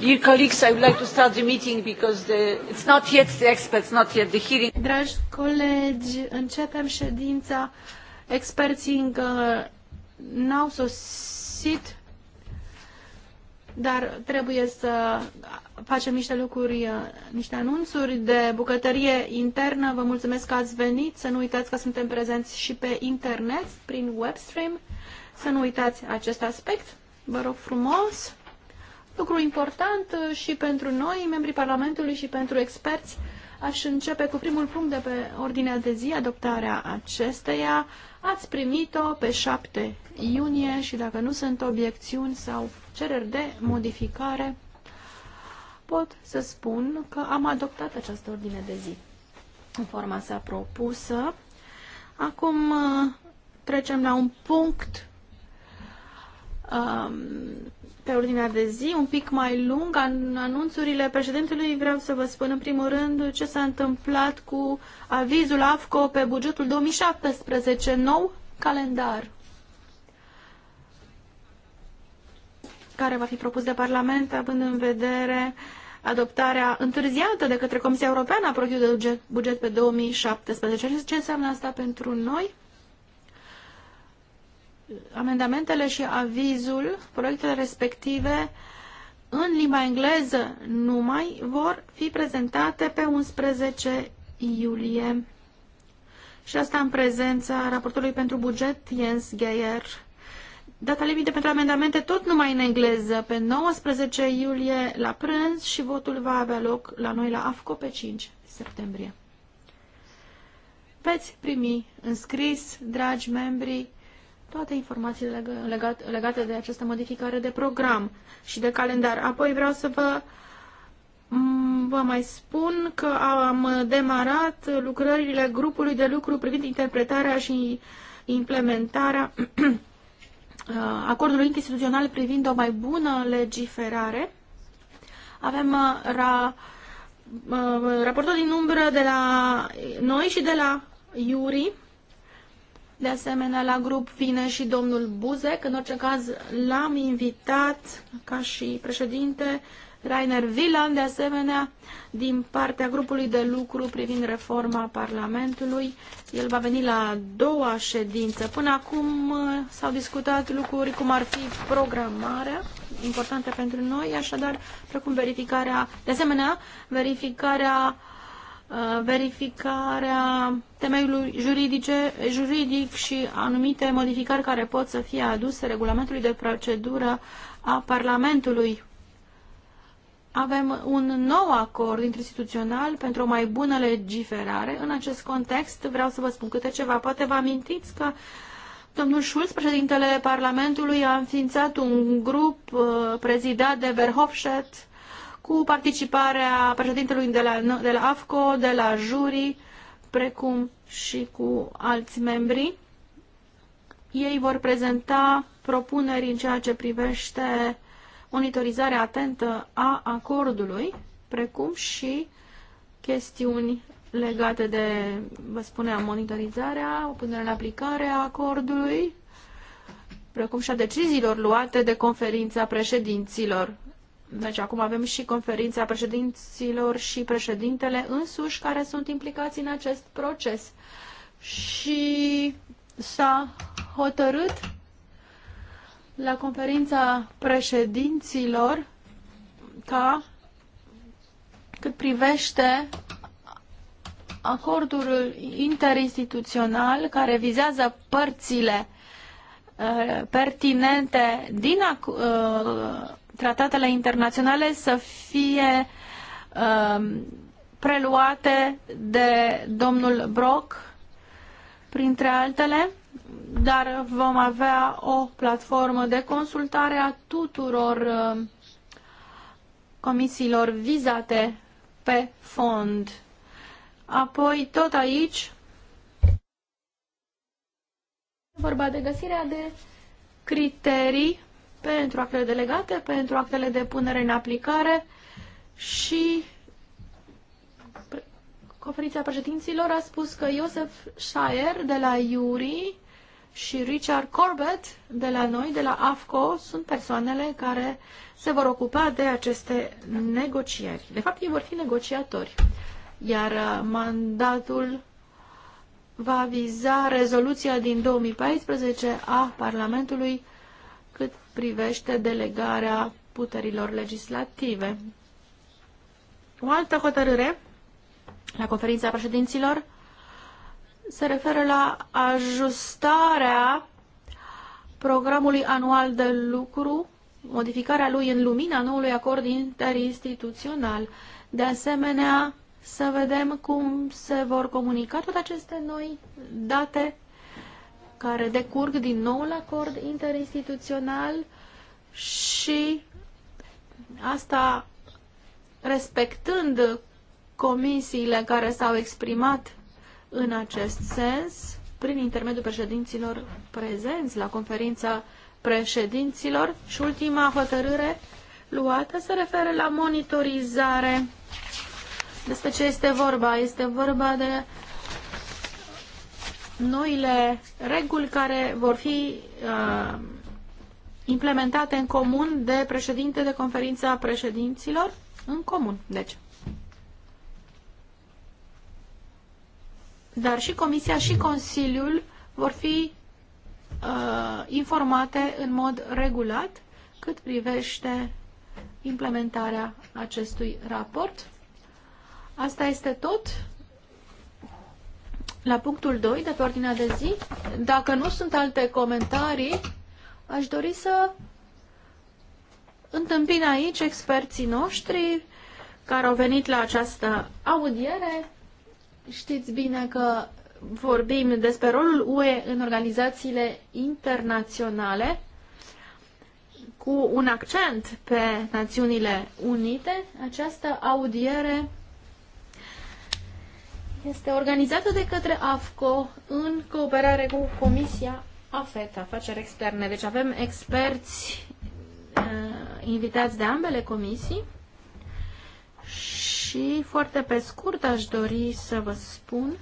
Dear colleagues, I would like to start the meeting because the, it's not yet the experts, not yet the hearing. Dragi colegi, începem ședința. Experții încă n-au sosit, dar trebuie să facem niște lucruri, niște anunțuri de bucătărie internă. Vă mulțumesc că ați venit. Să nu uitați că suntem prezenți și pe internet, prin webstream. Să nu uitați acest aspect. Vă rog frumos. Lucru important uh, și pentru noi, membrii Parlamentului și pentru experți. Aș începe cu primul punct de pe ordinea de zi, adoptarea acesteia. Ați primit-o pe 7 iunie și dacă nu sunt obiecțiuni sau cereri de modificare, pot să spun că am adoptat această ordine de zi în forma sa propusă. Acum uh, trecem la un punct um, pe ordinea de zi, un pic mai lung, an anunțurile președintelui. Vreau să vă spun în primul rând ce s-a întâmplat cu avizul AFCO pe bugetul 2017, nou calendar care va fi propus de Parlament, având în vedere adoptarea întârziată de către Comisia Europeană a proiectului de buget, buget pe 2017. Ce înseamnă asta pentru noi? amendamentele și avizul, proiectele respective, în limba engleză numai, vor fi prezentate pe 11 iulie. Și asta în prezența raportului pentru buget Jens Geier. Data limită pentru amendamente tot numai în engleză, pe 19 iulie la prânz și votul va avea loc la noi la AFCO pe 5 septembrie. Veți primi înscris, dragi membri, toate informațiile legate, legate de această modificare de program și de calendar. Apoi vreau să vă, vă mai spun că am demarat lucrările grupului de lucru privind interpretarea și implementarea acordului instituțional privind o mai bună legiferare. Avem uh, ra, uh, raportul din umbră de la noi și de la Iuri de asemenea, la grup vine și domnul Buzek. În orice caz, l-am invitat ca și președinte Rainer Wieland, de asemenea, din partea grupului de lucru privind reforma Parlamentului. El va veni la a doua ședință. Până acum uh, s-au discutat lucruri cum ar fi programarea, importantă pentru noi, așadar, precum verificarea, de asemenea, verificarea uh, Uh, verificarea temeiului juridice, juridic și anumite modificări care pot să fie aduse regulamentului de procedură a Parlamentului. Avem un nou acord instituțional pentru o mai bună legiferare. În acest context vreau să vă spun câte ceva. Poate vă amintiți că domnul Schulz, președintele Parlamentului, a înființat un grup uh, prezidat de Verhofstadt, cu participarea președintelui de la, de la AFCO, de la juri, precum și cu alți membri. Ei vor prezenta propuneri în ceea ce privește monitorizarea atentă a acordului, precum și chestiuni legate de, vă spuneam, monitorizarea, punerea în aplicare a acordului, precum și a deciziilor luate de conferința președinților deci acum avem și conferința președinților și președintele însuși care sunt implicați în acest proces. Și s-a hotărât la conferința președinților ca cât privește acordul interinstituțional care vizează părțile uh, pertinente din uh, tratatele internaționale să fie um, preluate de domnul Brock, printre altele, dar vom avea o platformă de consultare a tuturor um, comisiilor vizate pe fond. Apoi, tot aici, vorba de găsirea de criterii pentru actele delegate, pentru actele de punere în aplicare și conferința președinților a spus că Joseph Shire de la Iuri și Richard Corbett de la noi, de la AFCO, sunt persoanele care se vor ocupa de aceste negocieri. De fapt, ei vor fi negociatori, iar uh, mandatul va viza rezoluția din 2014 a Parlamentului cât privește delegarea puterilor legislative. O altă hotărâre la conferința președinților se referă la ajustarea programului anual de lucru, modificarea lui în lumina noului acord interinstituțional. De asemenea, să vedem cum se vor comunica toate aceste noi date care decurg din noul acord interinstituțional și asta respectând comisiile care s-au exprimat în acest sens prin intermediul președinților prezenți la conferința președinților și ultima hotărâre luată se referă la monitorizare. Despre ce este vorba? Este vorba de noile reguli care vor fi uh, implementate în comun de președinte de conferința președinților, în comun, deci. Dar și Comisia și Consiliul vor fi uh, informate în mod regulat cât privește implementarea acestui raport. Asta este tot la punctul 2 de pe ordinea de zi. Dacă nu sunt alte comentarii, aș dori să întâmpin aici experții noștri care au venit la această audiere. Știți bine că vorbim despre rolul UE în organizațiile internaționale cu un accent pe Națiunile Unite. Această audiere este organizată de către AFCO în cooperare cu Comisia AFET, Afaceri Externe. Deci avem experți uh, invitați de ambele comisii și foarte pe scurt aș dori să vă spun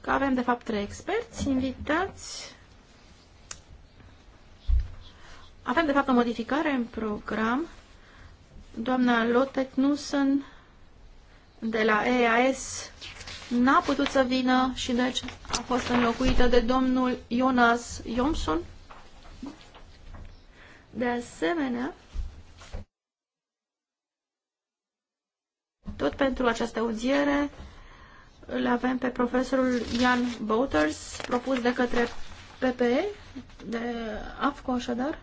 că avem de fapt trei experți invitați. Avem de fapt o modificare în program. Doamna Lotte Knussen de la EAS n-a putut să vină și deci a fost înlocuită de domnul Jonas Jomson. De asemenea, tot pentru această audiere îl avem pe profesorul Ian Bouters, propus de către PPE, de AFCO așadar.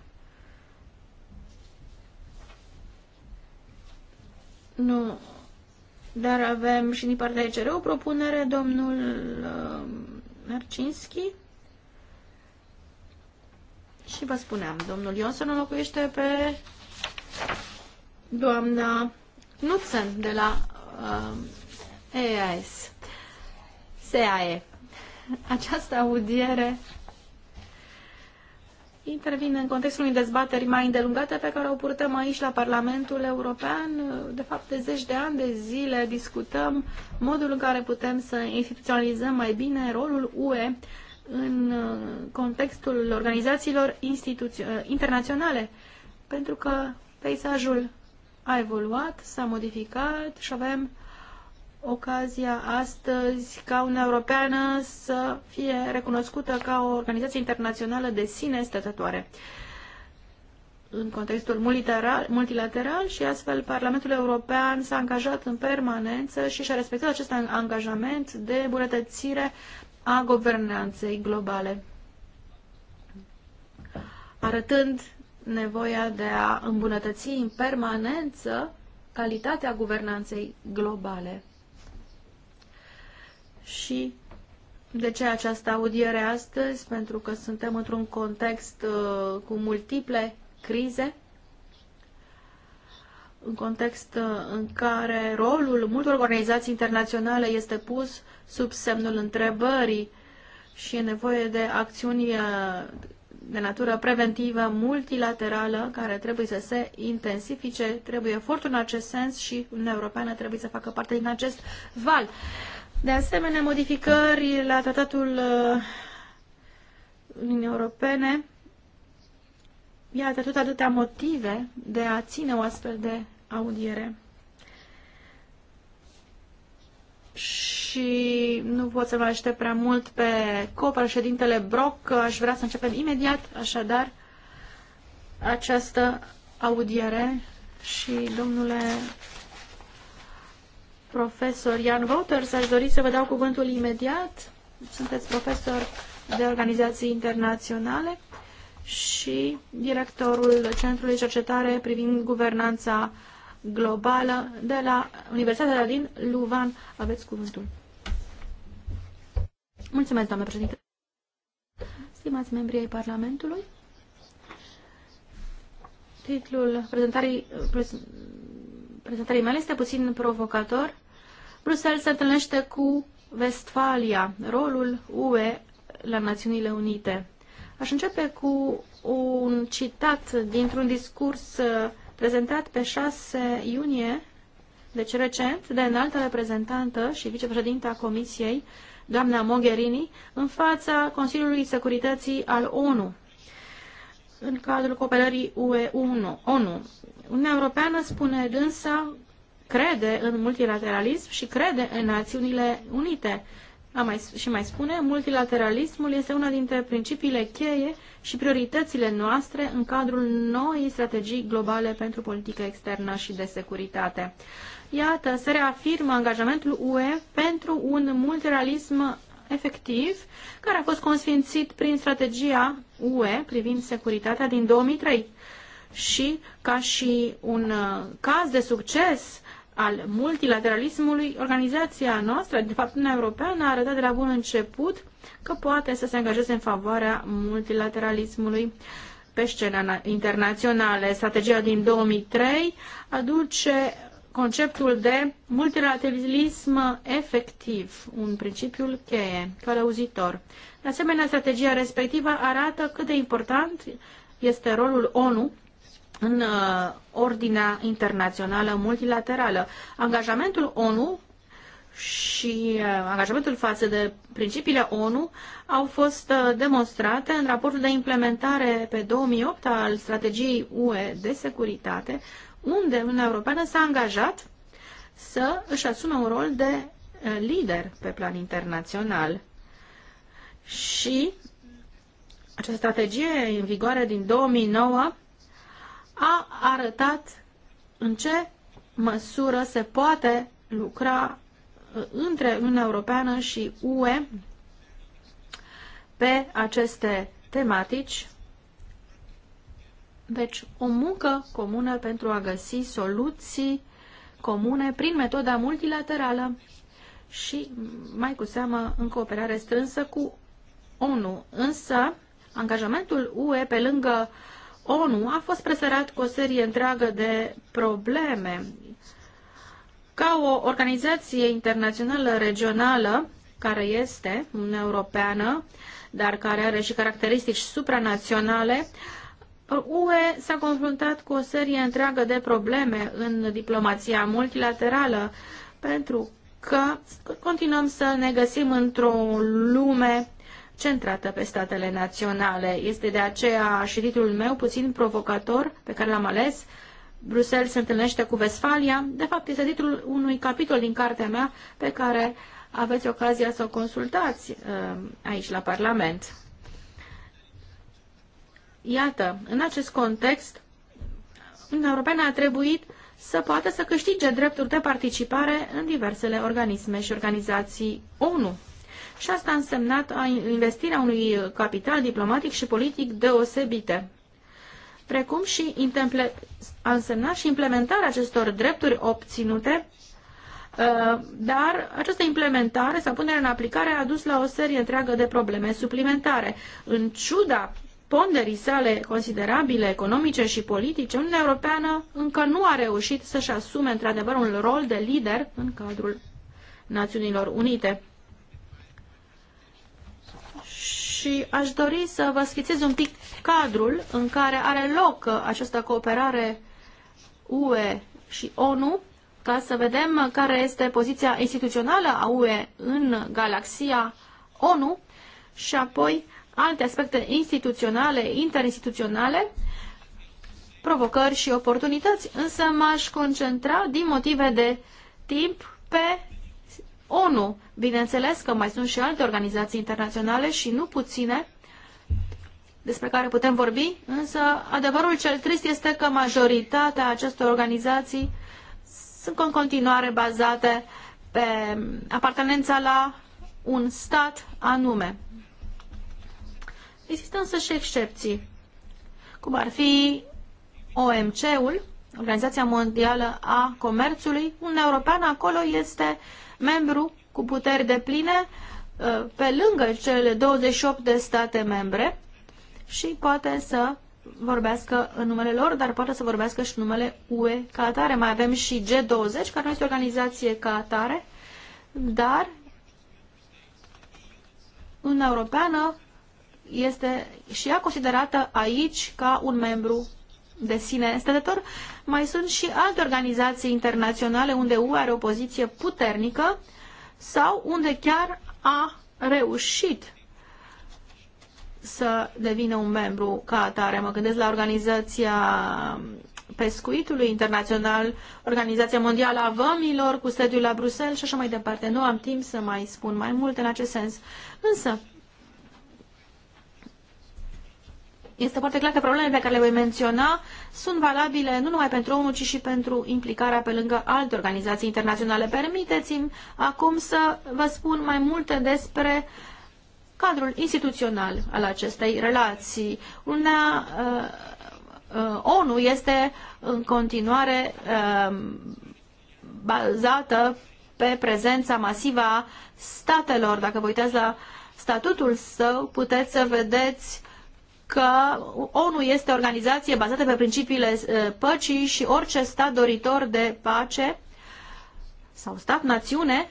Nu, dar avem și din partea ECR o propunere, domnul uh, Narcinski. Și vă spuneam, domnul Ionson locuiește pe doamna Knudsen de la uh, EAS. SAE. Această audiere intervin în contextul unei dezbateri mai îndelungate pe care o purtăm aici la Parlamentul European. De fapt, de zeci de ani de zile discutăm modul în care putem să instituționalizăm mai bine rolul UE în uh, contextul organizațiilor uh, internaționale, pentru că peisajul a evoluat, s-a modificat și avem ocazia astăzi ca Uniunea Europeană să fie recunoscută ca o organizație internațională de sine stătătoare în contextul multilateral, și astfel Parlamentul European s-a angajat în permanență și și-a respectat acest angajament de îmbunătățire a guvernanței globale, arătând nevoia de a îmbunătăți în permanență calitatea guvernanței globale și de ce această audiere astăzi? Pentru că suntem într-un context uh, cu multiple crize, un context uh, în care rolul multor organizații internaționale este pus sub semnul întrebării și e nevoie de acțiuni uh, de natură preventivă, multilaterală, care trebuie să se intensifice, trebuie efortul în acest sens și Uniunea Europeană trebuie să facă parte din acest val. De asemenea, modificări la tratatul uh, Uniunii Europene. Iată, tot atâtea motive de a ține o astfel de audiere. Și nu pot să vă aștept prea mult pe copreședintele Brock. Aș vrea să începem imediat, așadar, această audiere și, domnule profesor Jan Wouters. Aș dori să vă dau cuvântul imediat. Sunteți profesor de organizații internaționale și directorul Centrului Cercetare privind guvernanța globală de la Universitatea din Luvan. Aveți cuvântul. Mulțumesc, doamnă președinte. Stimați membrii ai Parlamentului, titlul prezentării prezentării mele este puțin provocator. Bruxelles se întâlnește cu Vestfalia, rolul UE la Națiunile Unite. Aș începe cu un citat dintr-un discurs uh, prezentat pe 6 iunie, deci recent, de înaltă reprezentantă și vicepreședinta Comisiei, doamna Mogherini, în fața Consiliului Securității al ONU, în cadrul cooperării UE-ONU. Uniunea Europeană spune însă crede în multilateralism și crede în Națiunile Unite. A mai, și mai spune, multilateralismul este una dintre principiile cheie și prioritățile noastre în cadrul noii strategii globale pentru politică externă și de securitate. Iată, se reafirmă angajamentul UE pentru un multilateralism efectiv, care a fost consfințit prin strategia UE privind securitatea din 2003 și ca și un uh, caz de succes al multilateralismului, organizația noastră, de fapt Uniunea Europeană, a arătat de la bun început că poate să se angajeze în favoarea multilateralismului pe scena internațională. Strategia din 2003 aduce conceptul de multilateralism efectiv, un principiu cheie, călăuzitor. De asemenea, strategia respectivă arată cât de important este rolul ONU în uh, ordinea internațională multilaterală. Angajamentul ONU și uh, angajamentul față de principiile ONU au fost uh, demonstrate în raportul de implementare pe 2008 al strategiei UE de securitate, unde Uniunea Europeană s-a angajat să își asume un rol de lider pe plan internațional. Și această strategie în vigoare din 2009 a arătat în ce măsură se poate lucra uh, între Uniunea Europeană și UE pe aceste tematici. Deci, o muncă comună pentru a găsi soluții comune prin metoda multilaterală și, mai cu seamă, în cooperare strânsă cu ONU. Însă, angajamentul UE pe lângă uh, ONU a fost presărat cu o serie întreagă de probleme. Ca o organizație internațională regională, care este Uniunea Europeană, dar care are și caracteristici supranaționale, UE s-a confruntat cu o serie întreagă de probleme în diplomația multilaterală, pentru că continuăm să ne găsim într-o lume centrată pe statele naționale. Este de aceea și titlul meu puțin provocator pe care l-am ales. Bruxelles se întâlnește cu Vesfalia. De fapt, este titlul unui capitol din cartea mea pe care aveți ocazia să o consultați uh, aici la Parlament. Iată, în acest context, Uniunea Europeană a trebuit să poată să câștige drepturi de participare în diversele organisme și organizații ONU și asta a însemnat investirea unui capital diplomatic și politic deosebite, precum și a însemnat și implementarea acestor drepturi obținute uh, dar această implementare sau punere în aplicare a dus la o serie întreagă de probleme suplimentare. În ciuda ponderii sale considerabile economice și politice, Uniunea Europeană încă nu a reușit să-și asume într-adevăr un rol de lider în cadrul Națiunilor Unite. și aș dori să vă schițez un pic cadrul în care are loc uh, această cooperare UE și ONU ca să vedem care este poziția instituțională a UE în galaxia ONU și apoi alte aspecte instituționale, interinstituționale, provocări și oportunități, însă m-aș concentra din motive de timp pe ONU. Bineînțeles că mai sunt și alte organizații internaționale și nu puține despre care putem vorbi, însă adevărul cel trist este că majoritatea acestor organizații sunt în continuare bazate pe apartenența la un stat anume. Există însă și excepții, cum ar fi OMC-ul, Organizația Mondială a Comerțului, un european acolo este uh, membru cu puteri de pline uh, pe lângă cele 28 de state membre și poate să vorbească în numele lor, dar poate să vorbească și numele UE ca atare. Mai avem și G20, care nu este o organizație ca atare, dar Uniunea Europeană este și ea considerată aici ca un membru de sine stătător. Mai sunt și alte organizații internaționale unde UE are o poziție puternică sau unde chiar a reușit să devină un membru ca atare. Mă gândesc la organizația pescuitului internațional, Organizația Mondială a Vămilor, cu sediul la Bruxelles și așa mai departe. Nu am timp să mai spun mai mult în acest sens. Însă, este foarte clar că problemele pe care le voi menționa sunt valabile nu numai pentru ONU, ci și pentru implicarea pe lângă alte organizații internaționale. Permiteți-mi acum să vă spun mai multe despre cadrul instituțional al acestei relații. Una, uh, uh, ONU este în continuare uh, bazată pe prezența masivă a statelor. Dacă vă uitați la statutul său, puteți să vedeți că ONU este o organizație bazată pe principiile păcii și orice stat doritor de pace sau stat-națiune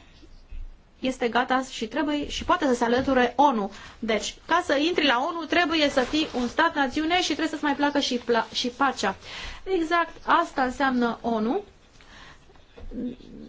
este gata și trebuie și poate să se alăture ONU. Deci, ca să intri la ONU, trebuie să fii un stat-națiune și trebuie să-ți mai placă și, pla- și pacea. Exact asta înseamnă ONU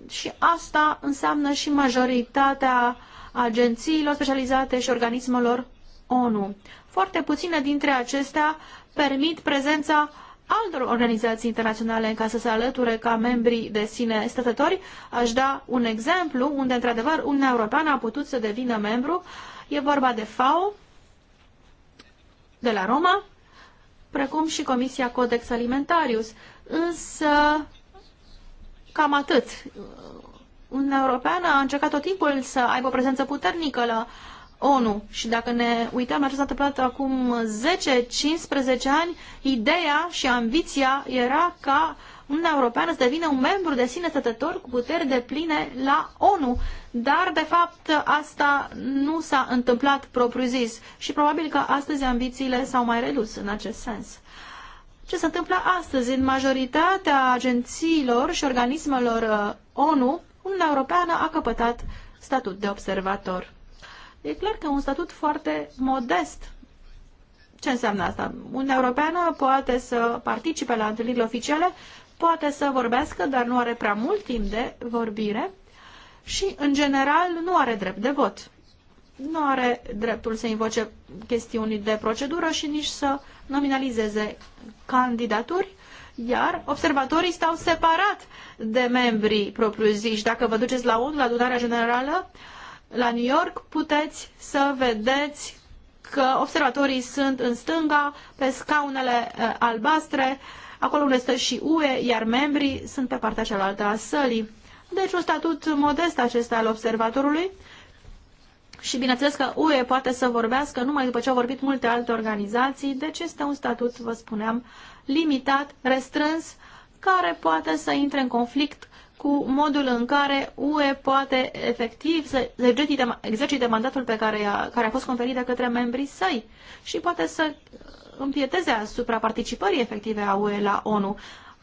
și asta înseamnă și majoritatea agențiilor specializate și organismelor ONU. Foarte puține dintre acestea permit prezența altor organizații internaționale ca să se alăture ca membri de sine stătători. Aș da un exemplu unde, într-adevăr, Uniunea Europeană a putut să devină membru. E vorba de FAO, de la Roma, precum și Comisia Codex Alimentarius. Însă, cam atât. Uniunea Europeană a încercat tot timpul să aibă o prezență puternică la ONU. Și dacă ne uităm la ce s-a întâmplat acum 10-15 ani, ideea și ambiția era ca Uniunea Europeană să devină un membru de sine stătător cu puteri de pline la ONU. Dar, de fapt, asta nu s-a întâmplat propriu-zis și probabil că astăzi ambițiile s-au mai redus în acest sens. Ce se întâmplă astăzi? În majoritatea agențiilor și organismelor uh, ONU, Uniunea Europeană a căpătat statut de observator. E clar că un statut foarte modest. Ce înseamnă asta? Uniunea Europeană poate să participe la întâlnirile oficiale, poate să vorbească, dar nu are prea mult timp de vorbire și, în general, nu are drept de vot. Nu are dreptul să invoce chestiuni de procedură și nici să nominalizeze candidaturi, iar observatorii stau separat de membrii propriu-ziși. Dacă vă duceți la unul, la adunarea generală, uh, la New York, puteți să vedeți că observatorii sunt în stânga, pe scaunele eh, albastre, acolo unde stă și UE, iar membrii sunt pe partea cealaltă a sălii. Deci un statut modest acesta al observatorului și bineînțeles că UE poate să vorbească numai după ce au vorbit multe alte organizații, deci este un statut, vă spuneam, limitat, restrâns, care poate să intre în conflict cu modul în care UE poate efectiv să exercite, mandatul pe care a, care a fost conferit de către membrii săi și poate să împieteze asupra participării efective a UE la ONU.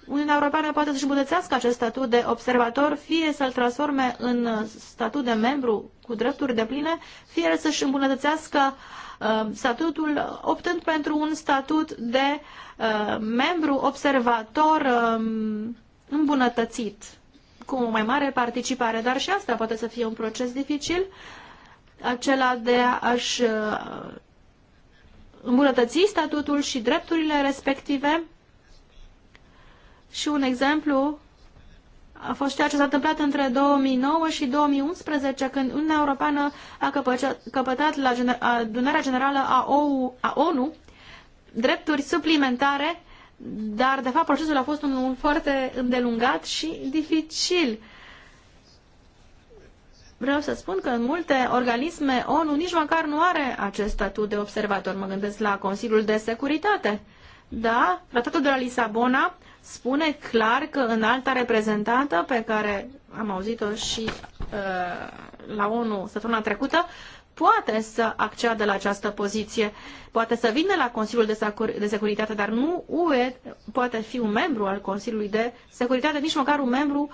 Uniunea Europeană poate să-și îmbunătățească acest statut de observator, fie să-l transforme în statut de membru cu drepturi de pline, fie să-și îmbunătățească uh, statutul optând pentru un statut de uh, membru observator uh, îmbunătățit cu o mai mare participare, dar și asta poate să fie un proces dificil, acela de a-și uh, îmbunătăți statutul și drepturile respective. Și un exemplu a fost ceea ce s-a întâmplat între 2009 și 2011, când Uniunea Europeană a căpătat la adunarea generală a ONU drepturi suplimentare dar de fapt procesul a fost unul foarte îndelungat și dificil. Vreau să spun că în multe organisme ONU nici măcar nu are acest statut de observator. Mă gândesc la Consiliul de Securitate. Da, tratatul de la Lisabona spune clar că în alta reprezentantă, pe care am auzit-o și uh, la ONU săptămâna trecută, uh, poate să acceadă la această poziție, poate să vină la Consiliul de, Securitate, dar nu UE poate fi un membru al Consiliului de Securitate, nici măcar un membru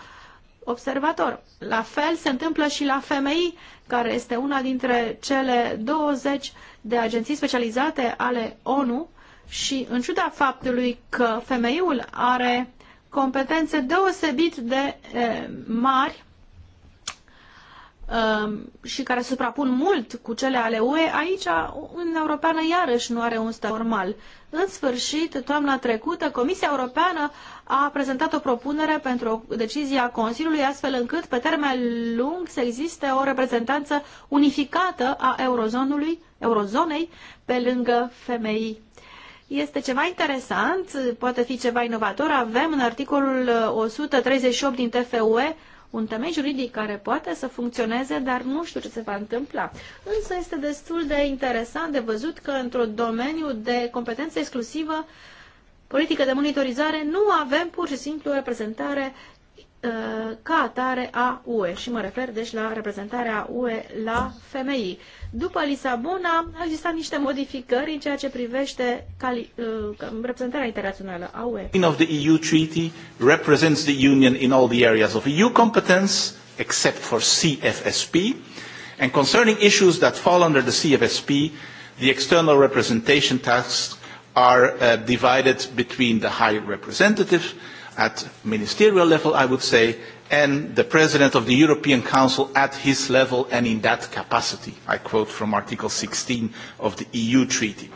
observator. La fel se întâmplă și la FMI, care este una dintre cele 20 de agenții specializate ale ONU și în ciuda faptului că FMI-ul are competențe deosebit de eh, mari Um, și care suprapun mult cu cele ale UE, aici Uniunea Europeană iarăși nu are un stat normal. În sfârșit, toamna trecută, Comisia Europeană a prezentat o propunere pentru o decizie a Consiliului, astfel încât, pe termen lung, să existe o reprezentanță unificată a eurozonului, eurozonei pe lângă femei. Este ceva interesant, poate fi ceva inovator. Avem în articolul 138 uh, din TFUE un temei juridic care poate să funcționeze, dar nu știu ce se va întâmpla. Însă este destul de interesant de văzut că într-un domeniu de competență exclusivă politică de monitorizare, nu avem pur și simplu o reprezentare Uh, ca atare a UE și mă refer deci la reprezentarea UE la femei. După Lisabona au existat niște modificări în ceea ce privește cali, uh, reprezentarea internațională a UE. of the EU treaty represents the Union in all the areas of EU competence except for CFSP and concerning issues that fall under the CFSP the external representation tasks are uh, divided between the high representative at ministerial level, I would say, and the President of the European Council at his level and in that capacity. I quote from Article 16 of the EU Treaty.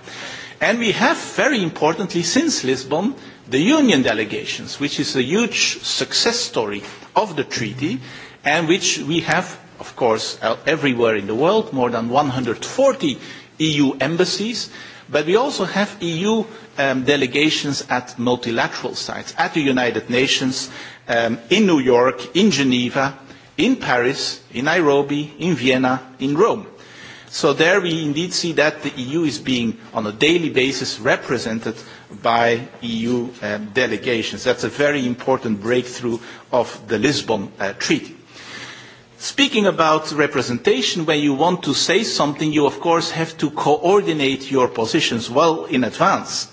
And we have, very importantly, since Lisbon, the union delegations, which is a huge success story of the treaty, and which we have, of course, everywhere in the world, more than 140 EU embassies, but we also have EU um, delegations at multilateral sites, at the United Nations, um, in New York, in Geneva, in Paris, in Nairobi, in Vienna, in Rome. So there we indeed see that the EU is being, on a daily basis, represented by EU uh, um, delegations. That's a very important breakthrough of the Lisbon uh, Treaty. Speaking about representation, when you want to say something, you of course have to coordinate your positions well in advance.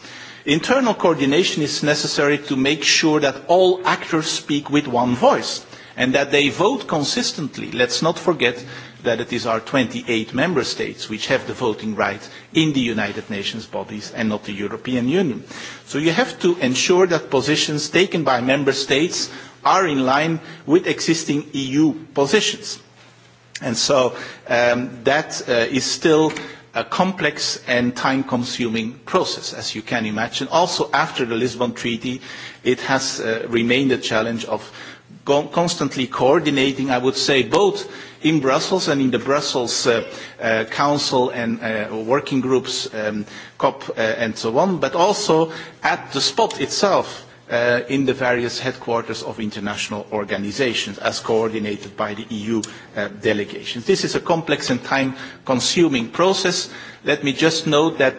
Internal coordination is necessary to make sure that all actors speak with one voice and that they vote consistently. Let's not forget that it is our 28 member states which have the voting right in the United Nations bodies and not the European Union. So you have to ensure that positions taken by member states are in line with existing EU positions. And so um, that uh, is still a complex and time-consuming process, as you can imagine. Also, after the Lisbon Treaty, it has uh, remained a challenge of constantly coordinating, I would say, both in Brussels and in the Brussels uh, uh, Council and uh, working groups, um, COP uh, and so on, but also at the spot itself uh, in the various headquarters of international organizations as coordinated by the EU uh, delegations. This is a complex and time-consuming process. Let me just note that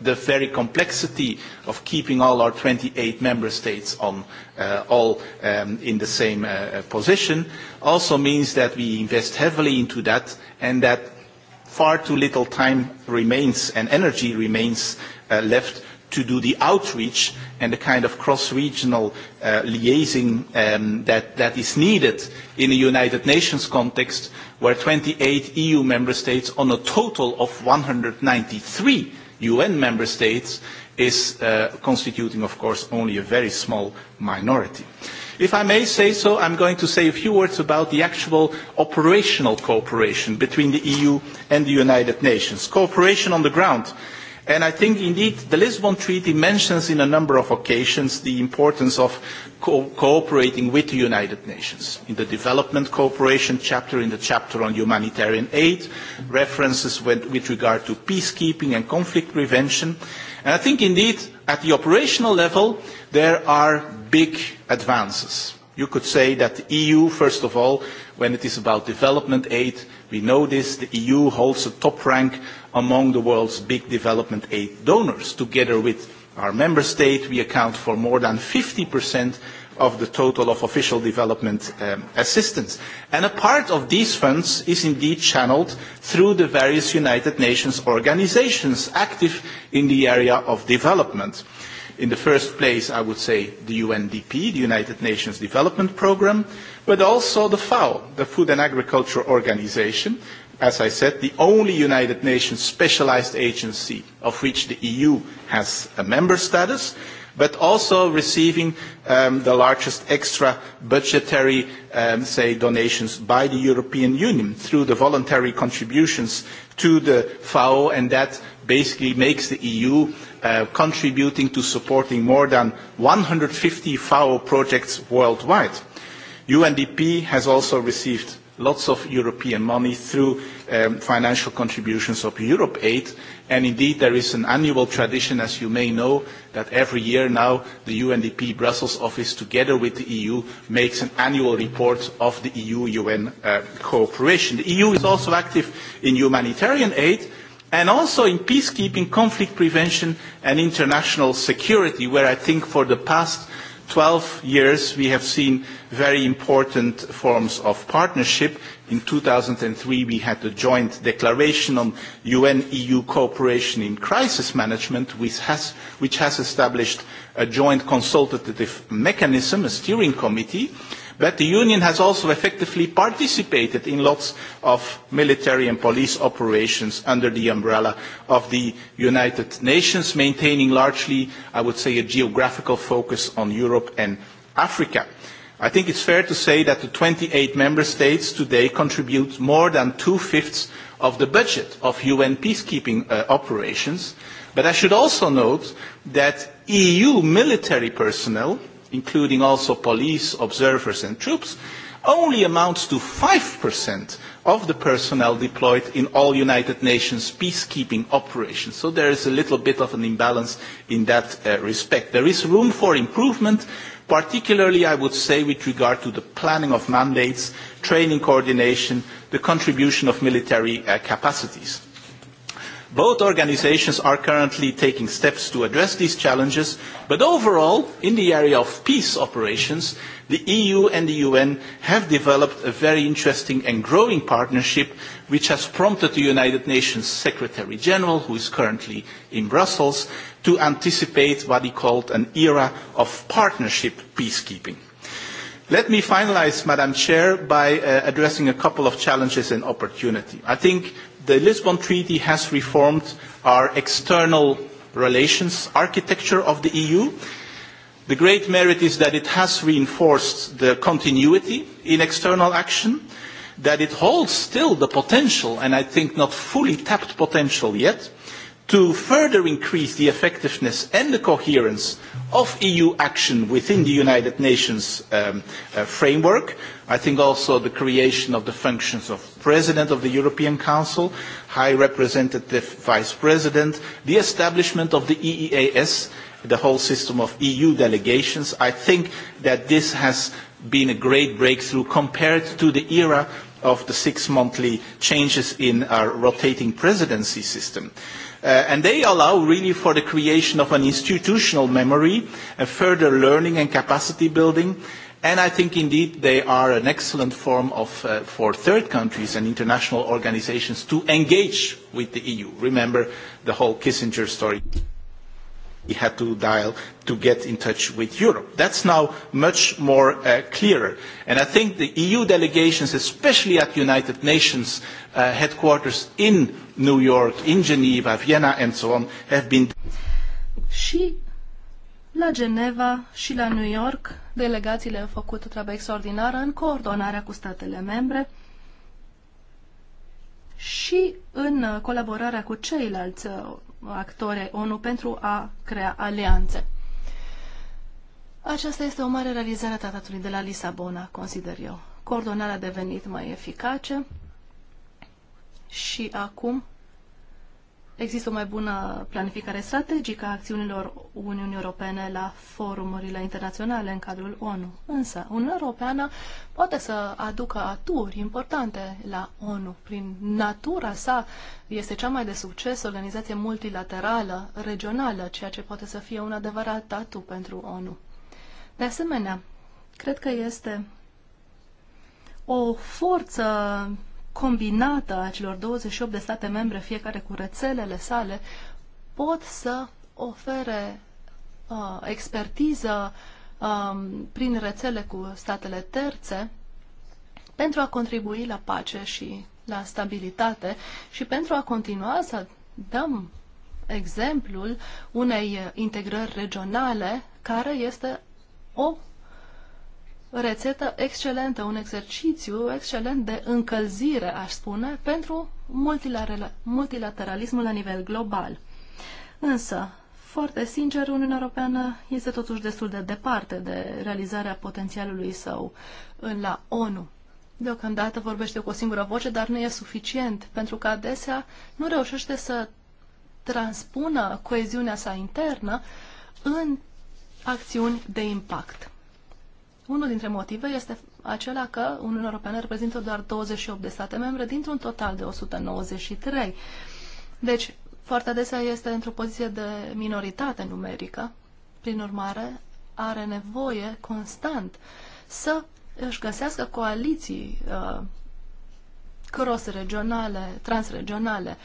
the very complexity of keeping all our 28 member states on uh, all um, in the same uh, position also means that we invest heavily into that and that far too little time remains and energy remains uh, left to do the outreach and the kind of cross-regional uh, liaising um, that, that is needed in a United Nations context where 28 EU member states on a total of 193 UN member states is uh, constituting, of course, only a very small minority. If I may say so, I'm going to say a few words about the actual operational cooperation between the EU and the United Nations. Cooperation on the ground And I think indeed the Lisbon Treaty mentions in a number of occasions the importance of co cooperating with the United Nations. In the development cooperation chapter, in the chapter on humanitarian aid, references with, with regard to peacekeeping and conflict prevention. And I think indeed at the operational level there are big advances. You could say that the EU, first of all, when it is about development aid, we know this, the EU holds a top rank among the world's big development aid donors. Together with our member state, we account for more than 50% of the total of official development um, assistance. And a part of these funds is indeed channeled through the various United Nations organizations active in the area of development. In the first place, I would say the UNDP, the United Nations Development Programme, but also the FAO, the Food and Agriculture Organization, as I said, the only United Nations specialized agency of which the EU has a member status, but also receiving um, the largest extra budgetary, um, say, donations by the European Union through the voluntary contributions to the FAO, and that basically makes the EU uh, contributing to supporting more than 150 FAO projects worldwide. UNDP has also received lots of European money through um, financial contributions of Europe Aid. And indeed, there is an annual tradition, as you may know, that every year now the UNDP Brussels office, together with the EU, makes an annual report of the EU-UN uh, cooperation. The EU is also active in humanitarian aid and also in peacekeeping, conflict prevention and international security, where I think for the past – 12 years, we have seen very important forms of partnership. In 2003, we had a joint declaration on UN-EU cooperation in crisis management, which has, which has established a joint consultative mechanism, a steering committee. Uh, But the Union has also effectively participated in lots of military and police operations under the umbrella of the United Nations, maintaining largely, I would say, a geographical focus on Europe and Africa. I think it's fair to say that the 28 member states today contribute more than two-fifths of the budget of UN peacekeeping uh, operations. But I should also note that EU military personnel including also police, observers and troops, only amounts to 5% of the personnel deployed in all United Nations peacekeeping operations. So there is a little bit of an imbalance in that uh, respect. There is room for improvement, particularly, I would say, with regard to the planning of mandates, training coordination, the contribution of military uh, capacities. Both organizations are currently taking steps to address these challenges, but overall, in the area of peace operations, the EU and the UN have developed a very interesting and growing partnership which has prompted the United Nations Secretary General, who is currently in Brussels, to anticipate what he called an era of partnership peacekeeping. Let me finalize, Madam Chair, by uh, addressing a couple of challenges and opportunity. I think the Lisbon Treaty has reformed our external relations architecture of the EU. The great merit is that it has reinforced the continuity in external action, that it holds still the potential, and I think not fully tapped potential yet, to further increase the effectiveness and the coherence of EU action within the United Nations um, uh, framework. I think also the creation of the functions of President of the European Council, High Representative Vice President, the establishment of the EEAS, the whole system of EU delegations. I think that this has been a great breakthrough compared to the era of the six-monthly changes in our rotating presidency system. Uh, and they allow really for the creation of an institutional memory, a further learning and capacity building. And I think indeed they are an excellent form of, uh, for third countries and international organizations to engage with the EU. Remember the whole Kissinger story we had to dial to get in touch with Europe. That's now much more uh, clearer. And I think the EU delegations, especially at United Nations uh, headquarters in New York, in Geneva, Vienna and so on, have been... Și la Geneva și la New York, delegațiile au făcut o treabă extraordinară în coordonarea cu statele membre și în uh, colaborarea cu ceilalți uh, actori ONU pentru a crea alianțe. Aceasta este o mare realizare a tratatului de la Lisabona, consider eu. Coordonarea a devenit mai eficace și acum Există o mai bună planificare strategică a acțiunilor Uniunii Europene la forumurile internaționale în cadrul ONU. Însă, Uniunea Europeană poate să aducă aturi importante la ONU. Prin natura sa, este cea mai de succes organizație multilaterală, regională, ceea ce poate să fie un adevărat atu pentru ONU. De asemenea, cred că este o forță combinată a celor 28 de state membre, fiecare cu rețelele sale, pot să ofere uh, expertiză uh, prin rețele cu statele terțe pentru a contribui la pace și la stabilitate și pentru a continua să dăm exemplul unei integrări regionale care este o rețetă excelentă, un exercițiu excelent de încălzire, aș spune, pentru multilateralismul la nivel global. Însă, foarte sincer, Uniunea Europeană este totuși destul de departe de realizarea potențialului său la ONU. Deocamdată vorbește cu o singură voce, dar nu e suficient, pentru că adesea nu reușește să transpună coeziunea sa internă în acțiuni de impact. Unul dintre motive este acela că Uniunea Europeană reprezintă doar 28 de state membre dintr-un total de 193. Deci, foarte adesea este într-o poziție de minoritate numerică, prin urmare, are nevoie constant să își găsească coaliții uh, cross-regionale, transregionale.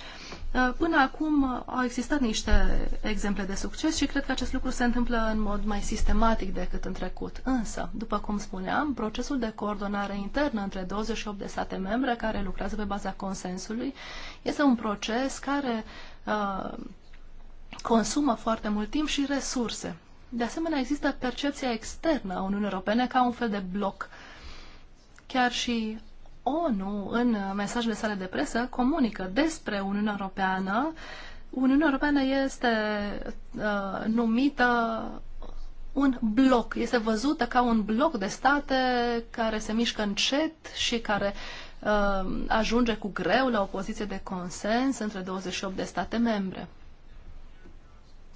Uh, până acum uh, au existat niște exemple de succes și cred că acest lucru se întâmplă în mod mai sistematic decât în trecut. Însă, după cum spuneam, procesul de coordonare internă între 28 de state membre care lucrează pe baza consensului este un proces care uh, consumă foarte mult timp și resurse. De asemenea, există percepția externă a Uniunii Europene ca un fel de bloc. Chiar și ONU, în mesajele sale de presă, comunică despre Uniunea Europeană. Uniunea Europeană este uh, numită un bloc, este văzută ca un bloc de state care se mișcă încet și care uh, ajunge cu greu la o poziție de consens între 28 de state membre.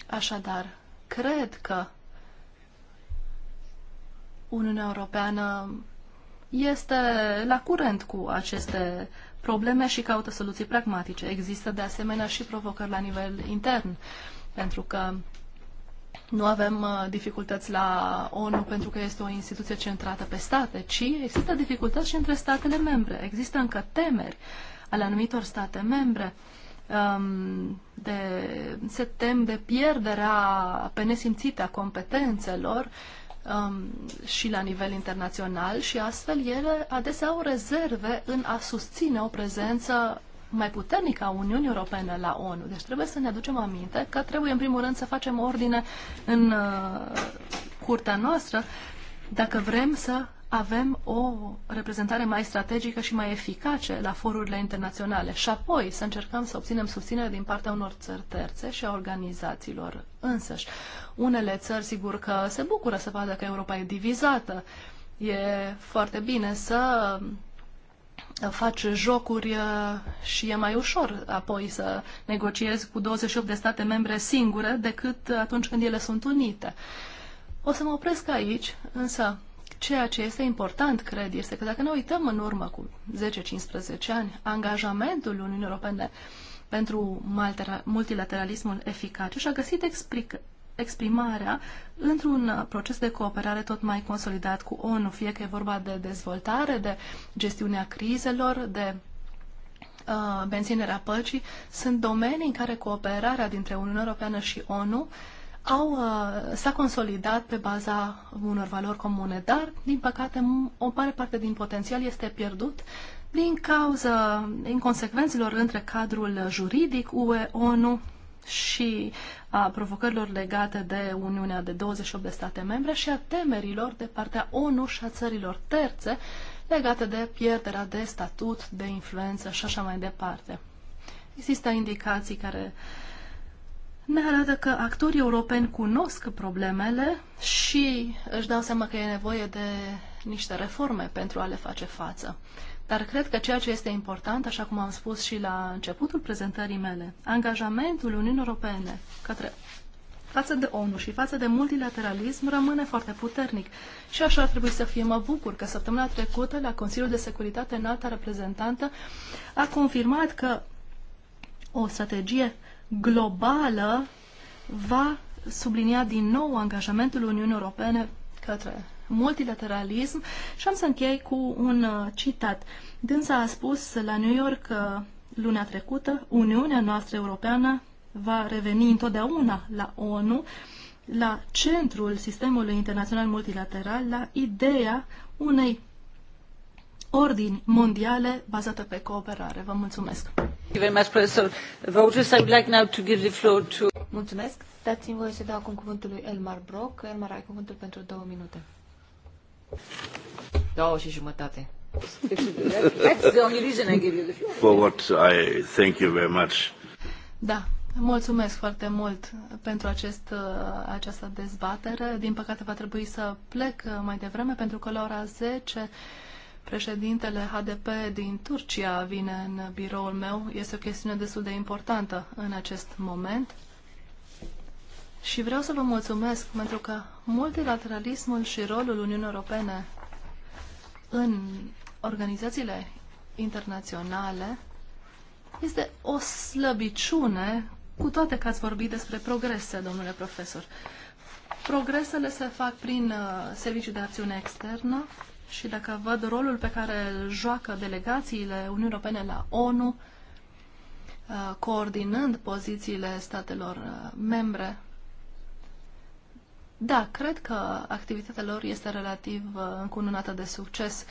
Așadar, cred că Uniunea Europeană este la curent cu aceste probleme și caută soluții pragmatice. Există de asemenea și provocări la nivel intern, pentru că nu avem uh, dificultăți la ONU pentru că este o instituție centrată pe state, ci există dificultăți și între statele membre. Există încă temeri ale anumitor state membre um, de, se tem de pierderea pe nesimțite a competențelor um, și la nivel internațional și astfel ele adesea au rezerve în a susține o prezență mai puternică a Uniunii Europene la ONU. Deci trebuie să ne aducem aminte că trebuie în primul rând să facem ordine în uh, curtea noastră dacă vrem să avem o reprezentare mai strategică și mai eficace la forurile internaționale și apoi să încercăm să obținem susținere din partea unor țări terțe și a organizațiilor însăși. Unele țări, sigur că se bucură să vadă că Europa e divizată. E foarte bine să faci jocuri uh, și e mai ușor apoi să negociezi cu 28 de state membre singure decât atunci când ele sunt unite. O să mă opresc aici, însă Ceea ce este important, cred, este că dacă ne uităm în urmă cu 10-15 ani, angajamentul Uniunii Europene pentru multilateralismul eficace și-a găsit exprimarea într-un proces de cooperare tot mai consolidat cu ONU, fie că e vorba de dezvoltare, de gestiunea crizelor, de uh, păcii, sunt domenii în care cooperarea dintre Uniunea Europeană și ONU uh, au, uh, s-a consolidat pe baza unor valori comune, dar, din păcate, o mare parte din potențial este pierdut din cauza inconsecvențelor între cadrul juridic UE, ONU și a provocărilor legate de Uniunea de 28 de state membre și a temerilor de partea ONU și a țărilor terțe legate de pierderea de statut, de influență și așa mai departe. Există indicații care uh, ne arată că actorii europeni cunosc problemele și își dau seama că e nevoie de niște reforme pentru a le face față. Dar cred că ceea ce este important, așa cum am spus și la începutul prezentării mele, angajamentul Uniunii Europene către față de ONU și față de multilateralism rămâne foarte puternic. Și așa ar trebui să fie. Mă bucur că săptămâna trecută la Consiliul de Securitate Înaltă reprezentantă a confirmat că o strategie globală va sublinia din nou angajamentul Uniunii Europene către multilateralism și am să închei cu un uh, citat. Dânsa a spus la New York uh, luna trecută, Uniunea noastră europeană va reveni întotdeauna la ONU, la centrul sistemului internațional multilateral, la ideea unei ordini mondiale bazată pe cooperare. Vă mulțumesc! Mulțumesc. Dați-mi voie să dau acum cuvântul lui Elmar Brock. Elmar, ai cuvântul pentru două minute. Două și jumătate. That's the only reason I give you the floor. For what I thank you very much. Da, Mulțumesc foarte mult pentru acest, uh, această dezbatere. Din păcate va trebui să plec uh, mai devreme pentru că la ora 10 Președintele HDP din Turcia vine în biroul meu. Este o chestiune destul de importantă în acest moment. Și vreau să vă mulțumesc pentru că multilateralismul și rolul Uniunii Europene în organizațiile internaționale este o slăbiciune, cu toate că ați vorbit despre progrese, domnule profesor. Progresele se fac prin uh, Serviciul de Acțiune Externă, și dacă văd rolul pe care îl joacă delegațiile Uniunii Europene la ONU, uh, coordinând pozițiile statelor uh, membre, da, cred că activitatea lor este relativ uh, încununată de succes,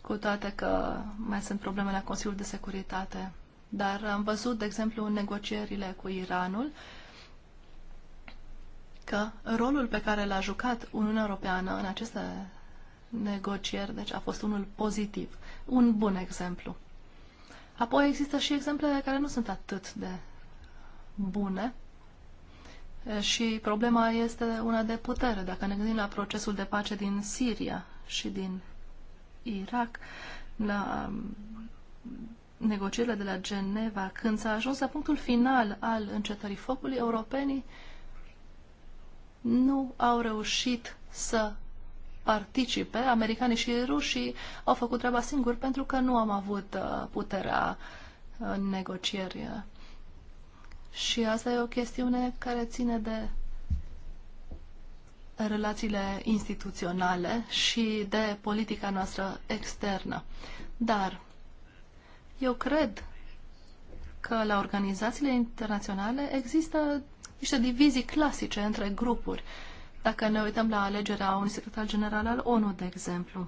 cu toate că mai sunt probleme la Consiliul de Securitate. Dar am văzut, de exemplu, în negocierile cu Iranul, că rolul pe care l-a jucat Uniunea Europeană în aceste negocieri, deci a fost unul pozitiv. Un bun exemplu. Apoi există și exemple care nu sunt atât de bune și problema este una de putere. Dacă ne gândim la procesul de pace din Siria și din Irak, la um, negocierile de la Geneva, când s-a ajuns la punctul final al încetării focului, europenii nu au reușit să participe. Americanii și rușii au făcut treaba singuri pentru că nu am avut uh, puterea uh, în negocieri. Și asta e o chestiune care ține de relațiile instituționale și de politica noastră externă. Dar eu cred că la organizațiile internaționale există niște divizii clasice între grupuri. Dacă ne uităm la alegerea unui secretar general al ONU, de exemplu,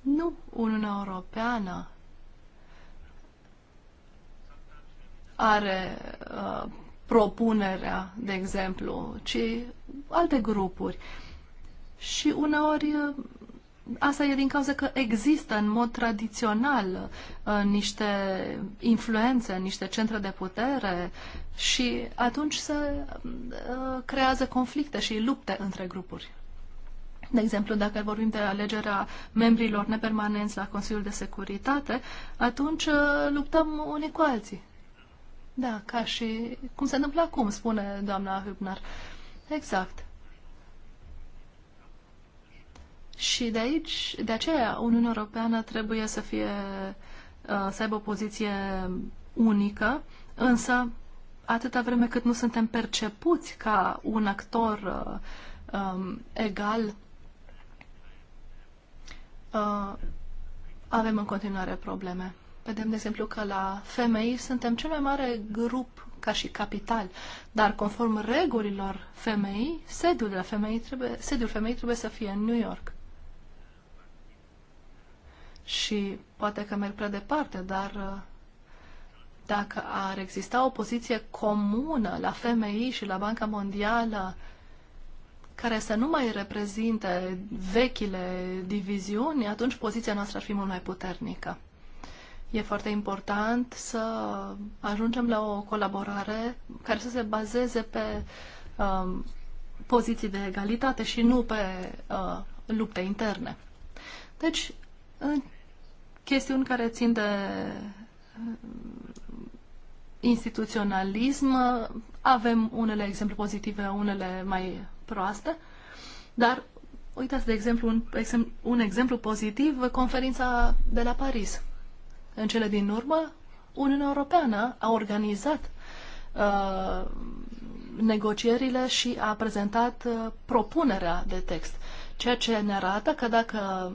nu Uniunea Europeană are uh, propunerea, de exemplu, ci alte grupuri. Și uneori uh, Asta e din cauza că există în mod tradițional uh, niște influențe, niște centre de putere și atunci se uh, creează conflicte și lupte între grupuri. De exemplu, dacă vorbim de alegerea membrilor nepermanenți la Consiliul de Securitate, atunci uh, luptăm unii cu alții. Da, ca și cum se întâmplă acum, spune doamna Hübner. Exact. Și de aici, de aceea, Uniunea Europeană trebuie să fie, uh, să aibă o poziție unică, însă atâta vreme cât nu suntem percepuți ca un actor uh, um, egal, uh, avem în continuare probleme. Vedem, de exemplu, că la femei suntem cel mai mare grup ca și capital, dar conform regulilor femei, sediul, de la femei trebuie, sediul femei trebuie să fie în New York și poate că merg prea departe, dar uh, dacă ar exista o poziție comună la FMI și la Banca Mondială care să nu mai reprezinte vechile diviziuni, atunci poziția noastră ar fi mult mai puternică. E foarte important să ajungem la o colaborare care să se bazeze pe um, poziții de egalitate și nu pe uh, lupte interne. Deci, chestiuni care țin de uh, instituționalism. Avem unele exemple pozitive, unele mai proaste, dar uitați, de exemplu, un, un exemplu pozitiv, conferința de la Paris. În cele din urmă, Uniunea Europeană a organizat uh, negocierile și a prezentat uh, propunerea de text, ceea ce ne arată că dacă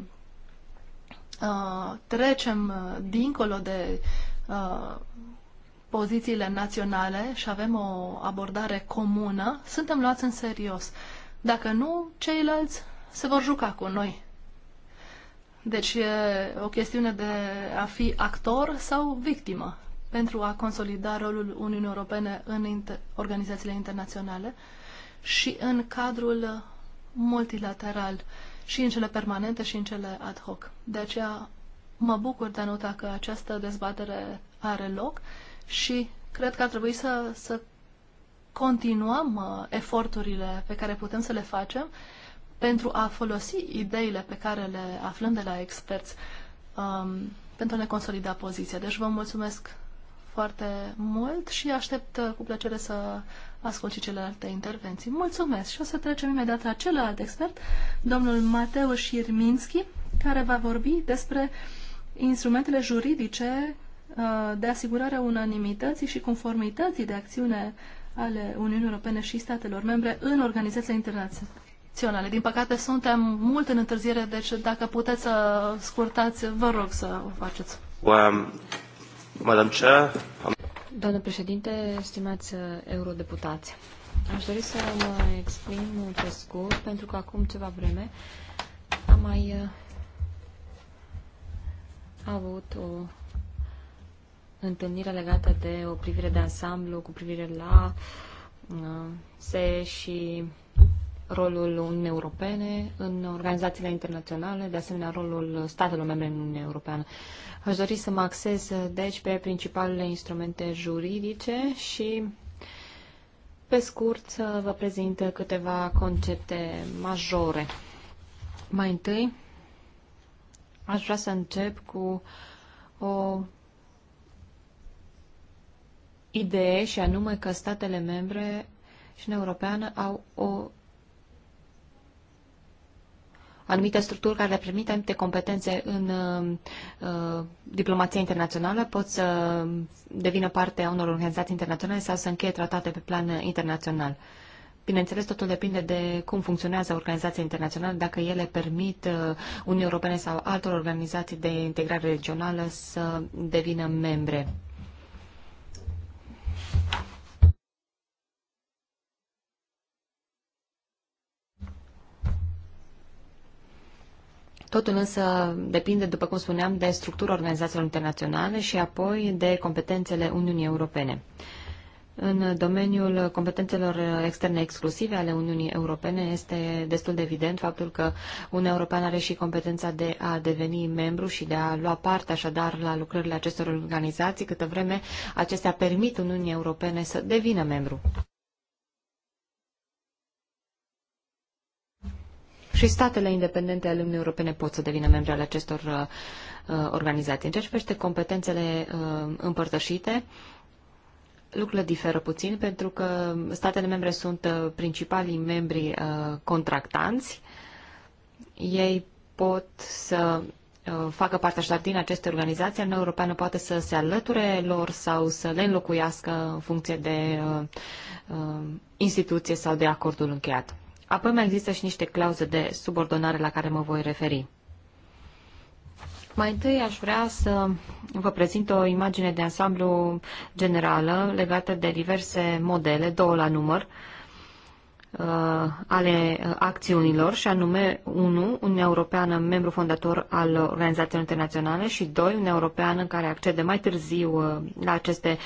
Uh, trecem uh, dincolo de uh, pozițiile naționale și avem o abordare comună, suntem luați în serios. Dacă nu, ceilalți se vor juca cu noi. Deci e o chestiune de a fi actor sau victimă pentru a consolida rolul Uniunii Europene în inter- organizațiile internaționale și în cadrul multilateral. Uh, și în cele permanente și în cele ad hoc. De aceea mă bucur, de nota că această dezbatere are loc și cred că ar trebui să, să continuăm uh, eforturile pe care putem să le facem pentru a folosi ideile pe care le aflăm de la experți um, pentru a ne consolida poziția. Deci vă mulțumesc foarte mult și aștept uh, cu plăcere să ascult și celelalte intervenții. Mulțumesc și o să trecem imediat la celălalt expert, domnul Mateu Șirminski, care va vorbi despre instrumentele juridice uh, de asigurare a unanimității și conformității de acțiune ale Uniunii Europene și statelor membre în organizația internațională. Din păcate, suntem mult în întârziere, deci dacă puteți să scurtați, vă rog să o faceți. Um, Madam Chair, Doamnă președinte, stimați uh, eurodeputați, aș dori să mă exprim pe scurt, pentru că acum ceva vreme am mai uh, avut o întâlnire legată de o privire de ansamblu cu privire la uh, SE și rolul Uniunii Europene în organizațiile internaționale, de asemenea rolul statelor membre în Uniunea Europeană. Aș dori să mă axez, deci, pe principalele instrumente juridice și, pe scurt, să vă prezint câteva concepte majore. Mai întâi, aș vrea să încep cu o idee și anume că statele membre și în Europeană au o anumite structuri care le permit anumite competențe în uh, uh, diplomația internațională pot să devină parte a unor organizații internaționale sau să încheie tratate pe plan internațional. Bineînțeles, totul depinde de cum funcționează organizația internațională, dacă ele permit uh, Uniunii Europene sau altor organizații de integrare regională să devină membre. Totul însă depinde, după cum spuneam, de structura organizațiilor internaționale și apoi de competențele Uniunii Europene. În domeniul competențelor externe exclusive ale Uniunii Europene este destul de evident faptul că Uniunea Europeană are și competența de a deveni membru și de a lua parte așadar la lucrările acestor organizații, câtă vreme acestea permit Uniunii Europene să devină membru. și statele independente ale Uniunii Europene pot să devină membre ale acestor uh, uh, organizații. În ceea ce privește competențele uh, împărtășite, lucrurile diferă puțin pentru că statele membre sunt principalii membri contractanți. Ei pot să facă parte așadar din aceste organizații, Uniunea Europeană poate să se alăture lor sau să le înlocuiască în funcție de uh, instituție sau de acordul încheiat. Apoi mai există și niște clauze de subordonare la care mă voi referi. Mai întâi aș vrea să vă prezint o imagine de ansamblu generală legată de diverse modele, două la număr, uh, ale uh, acțiunilor și anume 1. Uniunea Europeană, membru fondator al organizațiilor internaționale și 2. Uniunea Europeană care accede mai târziu uh, la aceste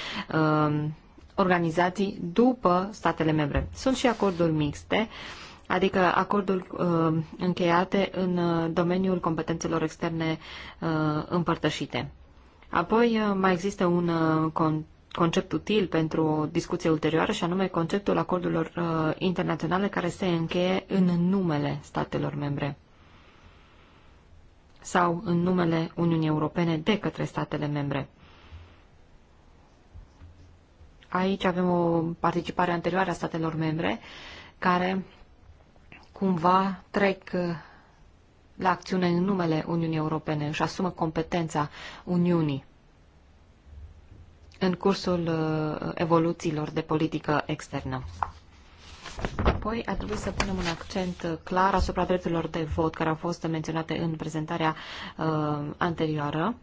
organizații după statele membre. Sunt și acorduri mixte uh, adică acordul uh, încheiate în uh, domeniul competențelor externe uh, împărtășite. Apoi uh, mai există un uh, con- concept util pentru o discuție ulterioară, și anume conceptul acordurilor uh, internaționale care se încheie în numele statelor membre sau în numele Uniunii Europene de către statele membre. Aici avem o participare anterioară a statelor membre care cumva trec uh, la acțiune în numele Uniunii Europene, își asumă competența Uniunii în cursul uh, evoluțiilor de politică externă. Apoi ar trebui să punem un accent uh, clar asupra drepturilor de vot care au fost menționate în prezentarea uh, anterioară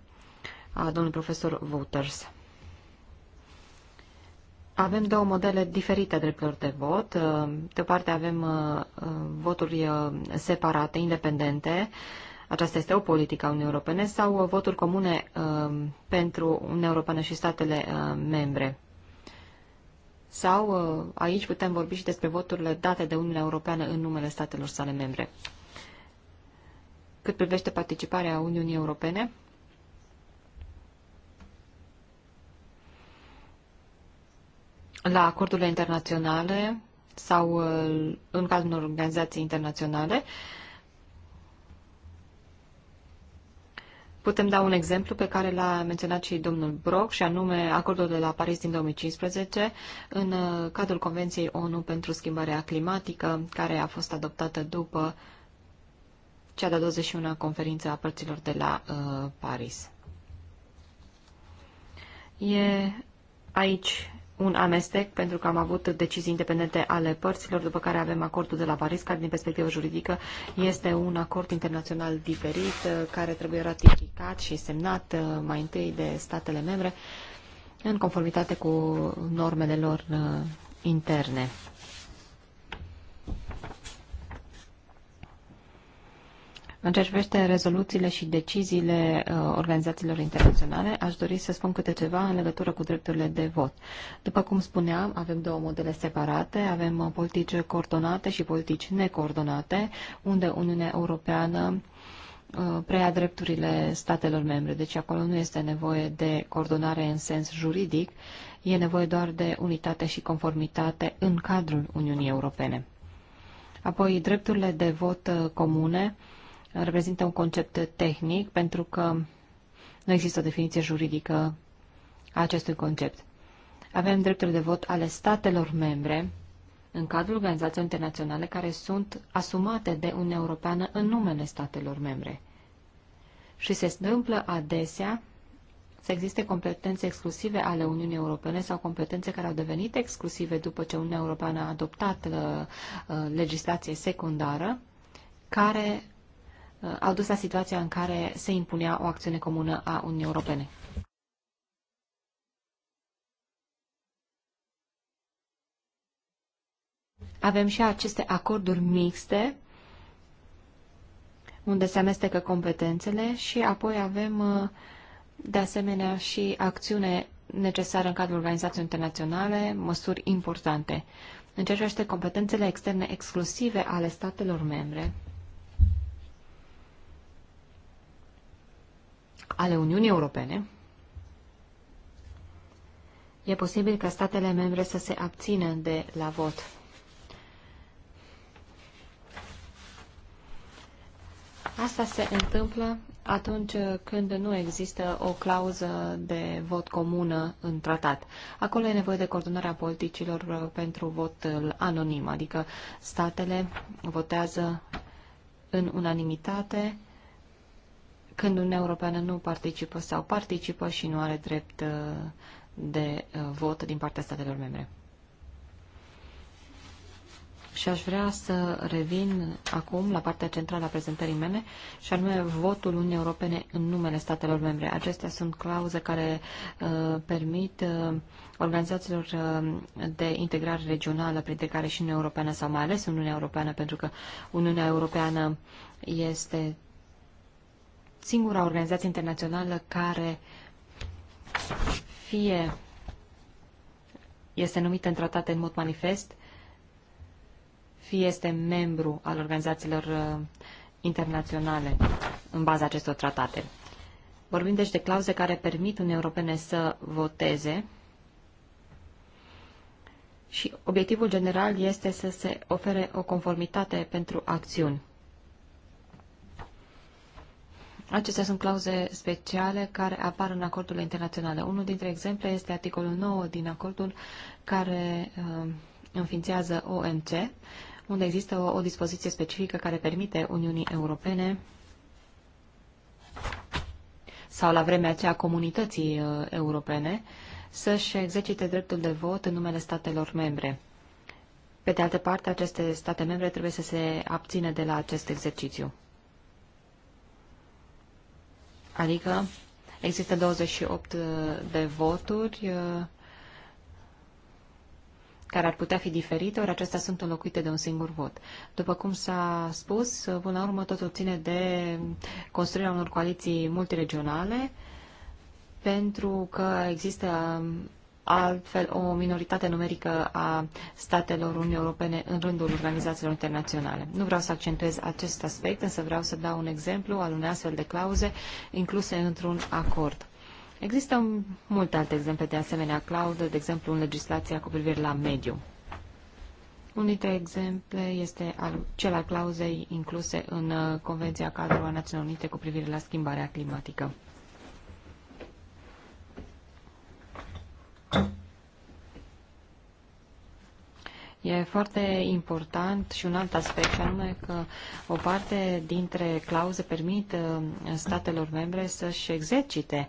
a domnului profesor Wouters. Avem două modele diferite de de vot. Uh, de o parte avem uh, uh, voturi separate, independente, aceasta este o politică a Uniunii Europene, sau voturi comune pentru Uniunea Europeană și statele membre. Sau aici putem vorbi și despre voturile date de Uniunea Europeană în numele statelor sale membre. Cât privește participarea Uniunii Europene, la acordurile internaționale sau uh, în cadrul unor organizații internaționale. Putem da un exemplu pe care l-a menționat și domnul Brock, și anume acordul de la Paris din 2015, în uh, cadrul Convenției ONU pentru schimbarea climatică, care a fost adoptată după cea de-a 21-a conferință a părților de la uh, Paris. E aici un amestec, pentru că am avut decizii independente ale părților, după care avem acordul de la Paris, care din perspectivă juridică este un acord internațional diferit, uh, care trebuie ratificat și semnat uh, mai întâi de statele membre, în conformitate cu normele lor uh, interne. În ce privește rezoluțiile și deciziile uh, organizațiilor internaționale, aș dori să spun câte ceva în legătură cu drepturile de vot. După cum spuneam, avem două modele separate, avem uh, politici coordonate și politici necoordonate, unde Uniunea Europeană uh, preia drepturile statelor membre. Deci acolo nu este nevoie de coordonare în sens juridic, e nevoie doar de unitate și conformitate în cadrul Uniunii Europene. Apoi, drepturile de vot uh, comune reprezintă un concept tehnic pentru că nu există o definiție juridică a acestui concept. Avem drepturi de vot ale statelor membre în cadrul organizațiilor internaționale care sunt asumate de Uniunea Europeană în numele statelor membre. Și se întâmplă adesea să existe competențe exclusive ale Uniunii Europene sau competențe care au devenit exclusive după ce Uniunea Europeană a adoptat uh, uh, legislație secundară, care Uh, au dus la situația în care se impunea o acțiune comună a Uniunii Europene. Avem și aceste acorduri mixte, unde se amestecă competențele și apoi avem uh, de asemenea și acțiune necesară în cadrul organizației internaționale, măsuri importante. În ceea ce competențele externe exclusive ale statelor membre, ale Uniunii Europene, e posibil ca statele membre să se abțină de la vot. Asta se întâmplă atunci când nu există o clauză de vot comună în tratat. Acolo e nevoie de coordonarea politicilor pentru vot anonim, adică statele votează în unanimitate când Uniunea Europeană nu participă sau participă și nu are drept uh, de uh, vot din partea statelor membre. Și aș vrea să revin acum la partea centrală a prezentării mele, și anume votul Uniunii Europene în numele statelor membre. Acestea sunt clauze care uh, permit uh, organizațiilor uh, de integrare regională, printre care și Uniunea Europeană, sau mai ales Uniunea Europeană, pentru că Uniunea Europeană este singura organizație internațională care fie este numită în tratate în mod manifest, fie este membru al organizațiilor uh, internaționale în baza acestor tratate. Vorbim deci de clauze care permit Uniunii Europene să voteze și obiectivul general este să se ofere o conformitate pentru acțiuni. Acestea sunt clauze speciale care apar în acordurile internaționale. Unul dintre exemple este articolul 9 din acordul care uh, înființează OMC, unde există o, o dispoziție specifică care permite Uniunii Europene sau la vremea aceea comunității uh, europene să-și exercite dreptul de vot în numele statelor membre. Pe de altă parte, aceste state membre trebuie să se abțină de la acest exercițiu. Adică există 28 uh, de voturi uh, care ar putea fi diferite, ori acestea sunt înlocuite de un singur vot. După cum s-a spus, până la urmă totul ține de construirea unor coaliții multiregionale, pentru că există altfel o minoritate numerică a statelor Uniunii Europene în rândul organizațiilor internaționale. Nu vreau să accentuez acest aspect, însă vreau să dau un exemplu al unei astfel de clauze incluse într-un acord. Există multe alte exemple de asemenea clauze, de exemplu în legislația cu privire la mediu. Un dintre exemple este al, cel al clauzei incluse în uh, Convenția Cadrului a Națiunilor Unite cu privire la schimbarea climatică. E foarte important și un alt aspect, și anume că o parte dintre clauze permit uh, statelor membre să-și exercite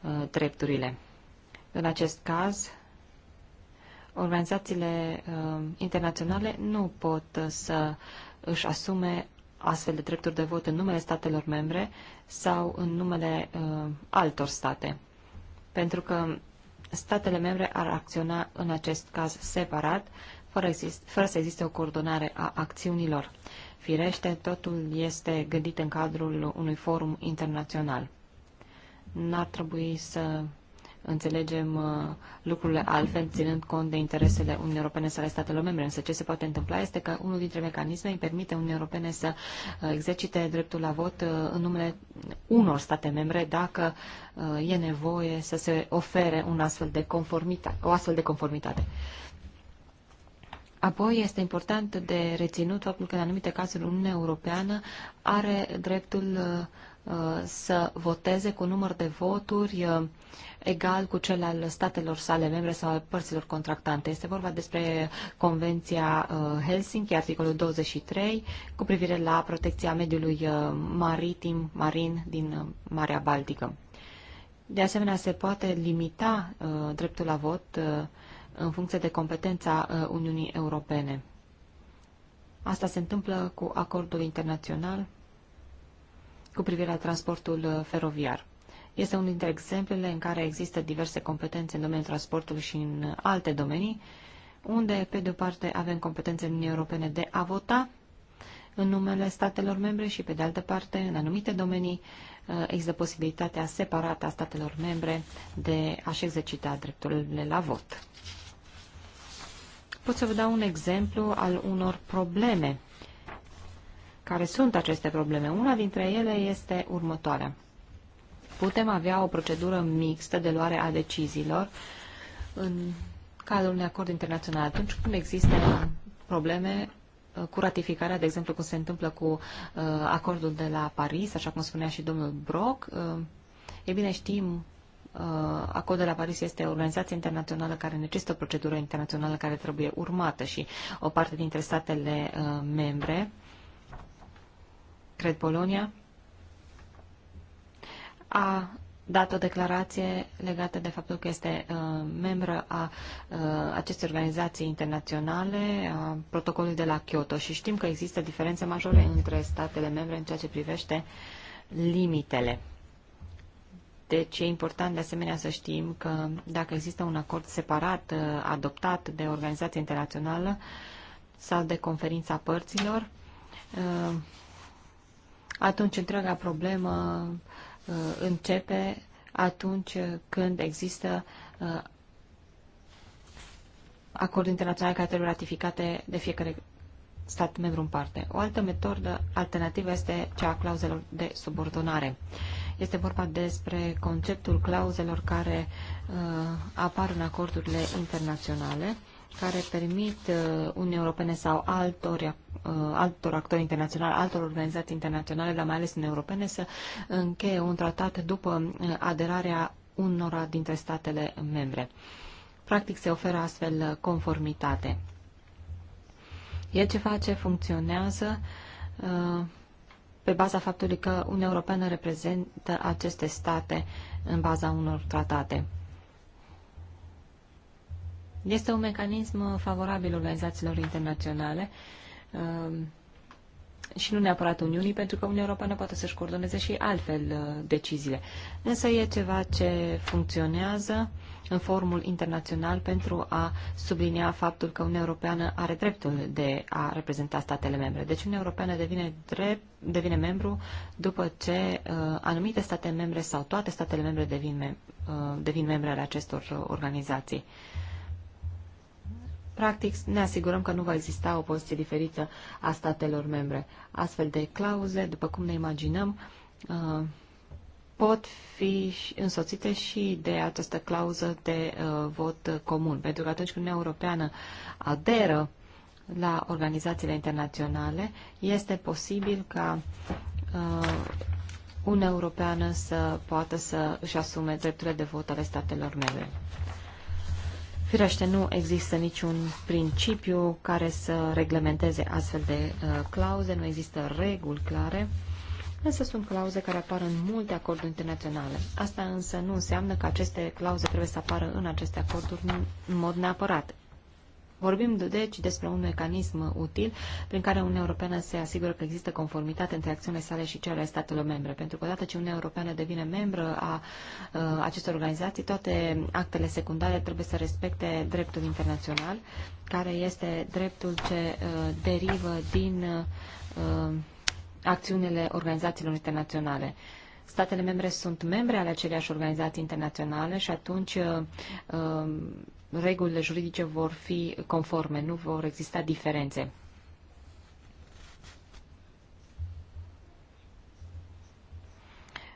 uh, drepturile. În acest caz, organizațiile uh, internaționale nu pot să își asume astfel de drepturi de vot în numele statelor membre sau în numele altor state. Pentru că statele membre ar acționa în acest caz separat, fără, exist, fără să existe o coordonare a acțiunilor. Firește, totul este gândit în cadrul unui forum internațional. N-ar trebui să înțelegem uh, lucrurile altfel, ținând cont de interesele Uniunii Europene sau ale statelor membre. Însă ce se poate întâmpla este că unul dintre mecanisme îi permite Uniunii Europene să uh, exercite dreptul la vot uh, în numele unor state membre dacă e nevoie să se ofere un astfel de conformitate, o astfel de conformitate. Apoi este important de reținut faptul că în anumite cazuri Uniunea Europeană are dreptul uh, să voteze cu număr de voturi uh, egal cu cel al statelor sale membre sau al părților contractante. Este vorba despre Convenția uh, Helsinki, articolul 23, cu privire la protecția mediului uh, maritim, marin din Marea Baltică. De asemenea, se poate limita dreptul la vot în funcție de competența Uniunii Europene. Asta se întâmplă cu acordul internațional cu privire la transportul uh, feroviar. Este unul dintre exemplele în care există diverse competențe în domeniul transportului și în uh, alte domenii, unde, pe de o parte, avem competențe Uniunii Europene de a vota în numele statelor membre și, pe de altă parte, în anumite domenii, uh, există posibilitatea separată a statelor membre de a-și exercita drepturile la vot. Pot să vă dau un exemplu al unor probleme care sunt aceste probleme. Una dintre ele este următoarea. Putem avea o procedură mixtă de luare a deciziilor în cadrul unui acord internațional atunci când există probleme uh, cu ratificarea, de exemplu, cum se întâmplă cu uh, acordul de la Paris, așa cum spunea și domnul Brock. Uh, e bine, știm, acordul de la Paris este o organizație internațională care necesită o procedură internațională care trebuie urmată și o parte dintre statele membre cred Polonia, a dat o declarație legată de faptul că este uh, membră a uh, acestei organizații internaționale, a protocolului de la Kyoto și știm că există diferențe majore între statele membre în ceea ce privește limitele. Deci e important de asemenea să știm că dacă există un acord separat uh, adoptat de organizație internațională sau de conferința părților, uh, atunci întreaga problemă uh, începe atunci când există uh, acorduri internaționale care trebuie ratificate de fiecare stat membru în parte. O altă metodă alternativă este cea a clauzelor de subordonare. Este vorba despre conceptul clauzelor care uh, apar în acordurile internaționale care permit uh, Uniunii Europene sau altor, uh, altor actori internaționali, altor organizații internaționale, dar mai ales în europene, să încheie un tratat după uh, aderarea unora dintre statele membre. Practic se oferă astfel conformitate. E ce face funcționează pe baza faptului că Uniunea Europeană reprezintă aceste state în baza unor tratate. Este un mecanism favorabil organizațiilor internaționale um, și nu neapărat Uniunii, pentru că Uniunea Europeană poate să-și coordoneze și altfel uh, deciziile. Însă e ceva ce funcționează în formul internațional pentru a sublinia faptul că Uniunea Europeană are dreptul de a reprezenta statele membre. Deci Uniunea Europeană devine, drept, devine membru după ce uh, anumite state membre sau toate statele membre devin, mem- uh, devin membre ale acestor uh, organizații. Uh, Practic, ne asigurăm că nu va exista o poziție diferită a statelor membre. Astfel de clauze, după cum ne imaginăm, uh, pot fi însoțite și de această clauză de uh, vot comun. Pentru că atunci când Uniunea Europeană aderă la organizațiile internaționale, este posibil ca uh, Uniunea Europeană să poată să își asume drepturile de vot ale statelor membre. Firește, nu există niciun principiu care să reglementeze astfel de uh, clauze, nu există reguli clare, însă sunt clauze care apar în multe acorduri internaționale. Asta însă nu înseamnă că aceste clauze trebuie să apară în aceste acorduri în mod neapărat. Vorbim deci despre un mecanism util prin care Uniunea Europeană se asigură că există conformitate între acțiunile sale și cele ale statelor membre. Pentru că odată ce Uniunea Europeană devine membră a, a acestor organizații, toate actele secundare trebuie să respecte dreptul internațional, care este dreptul ce a, uh, derivă din a, uh, acțiunile organizațiilor internaționale statele membre sunt membre ale aceleași organizații internaționale și atunci uh, regulile juridice vor fi conforme, nu vor exista diferențe.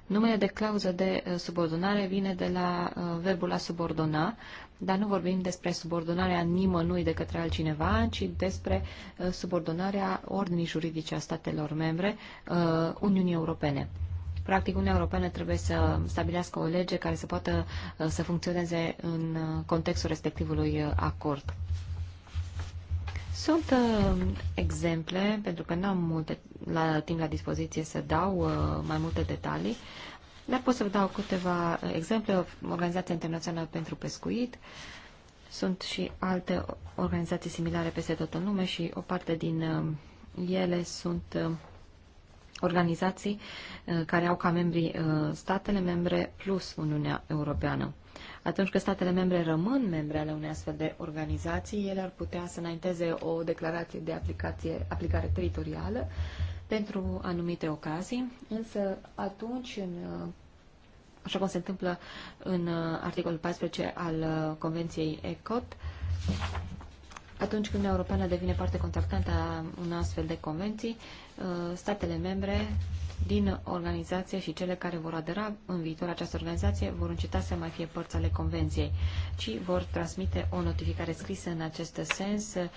Numele de clauză de uh, subordonare vine de la uh, verbul a subordona, dar nu vorbim despre subordonarea nimănui de către altcineva, ci despre uh, subordonarea ordinii juridice a statelor membre Uniunii Europene. Practic, Uniunea Europeană trebuie să stabilească o lege care să poată uh, să funcționeze în uh, contextul respectivului uh, acord. Sunt uh, exemple, pentru că nu am multe la timp la dispoziție să dau uh, mai multe detalii, dar pot să vă dau câteva exemple. Organizația Internațională pentru Pescuit, sunt și alte organizații similare peste tot în lume și o parte din uh, ele sunt uh, organizații uh, care au ca membri uh, statele membre plus Uniunea Europeană. Atunci când statele membre rămân membre ale unei astfel de organizații, ele ar putea să înainteze o declarație de aplicație, aplicare teritorială pentru anumite ocazii, însă atunci, în, uh, așa cum se întâmplă în articolul 14 al Convenției ECOT, atunci când Uniunea Europeană devine parte contractantă a unei astfel de convenții, Uh, statele membre din organizație și cele care vor adera în viitor această organizație vor înceta să mai fie părți ale convenției, ci vor transmite o notificare scrisă în acest sens uh,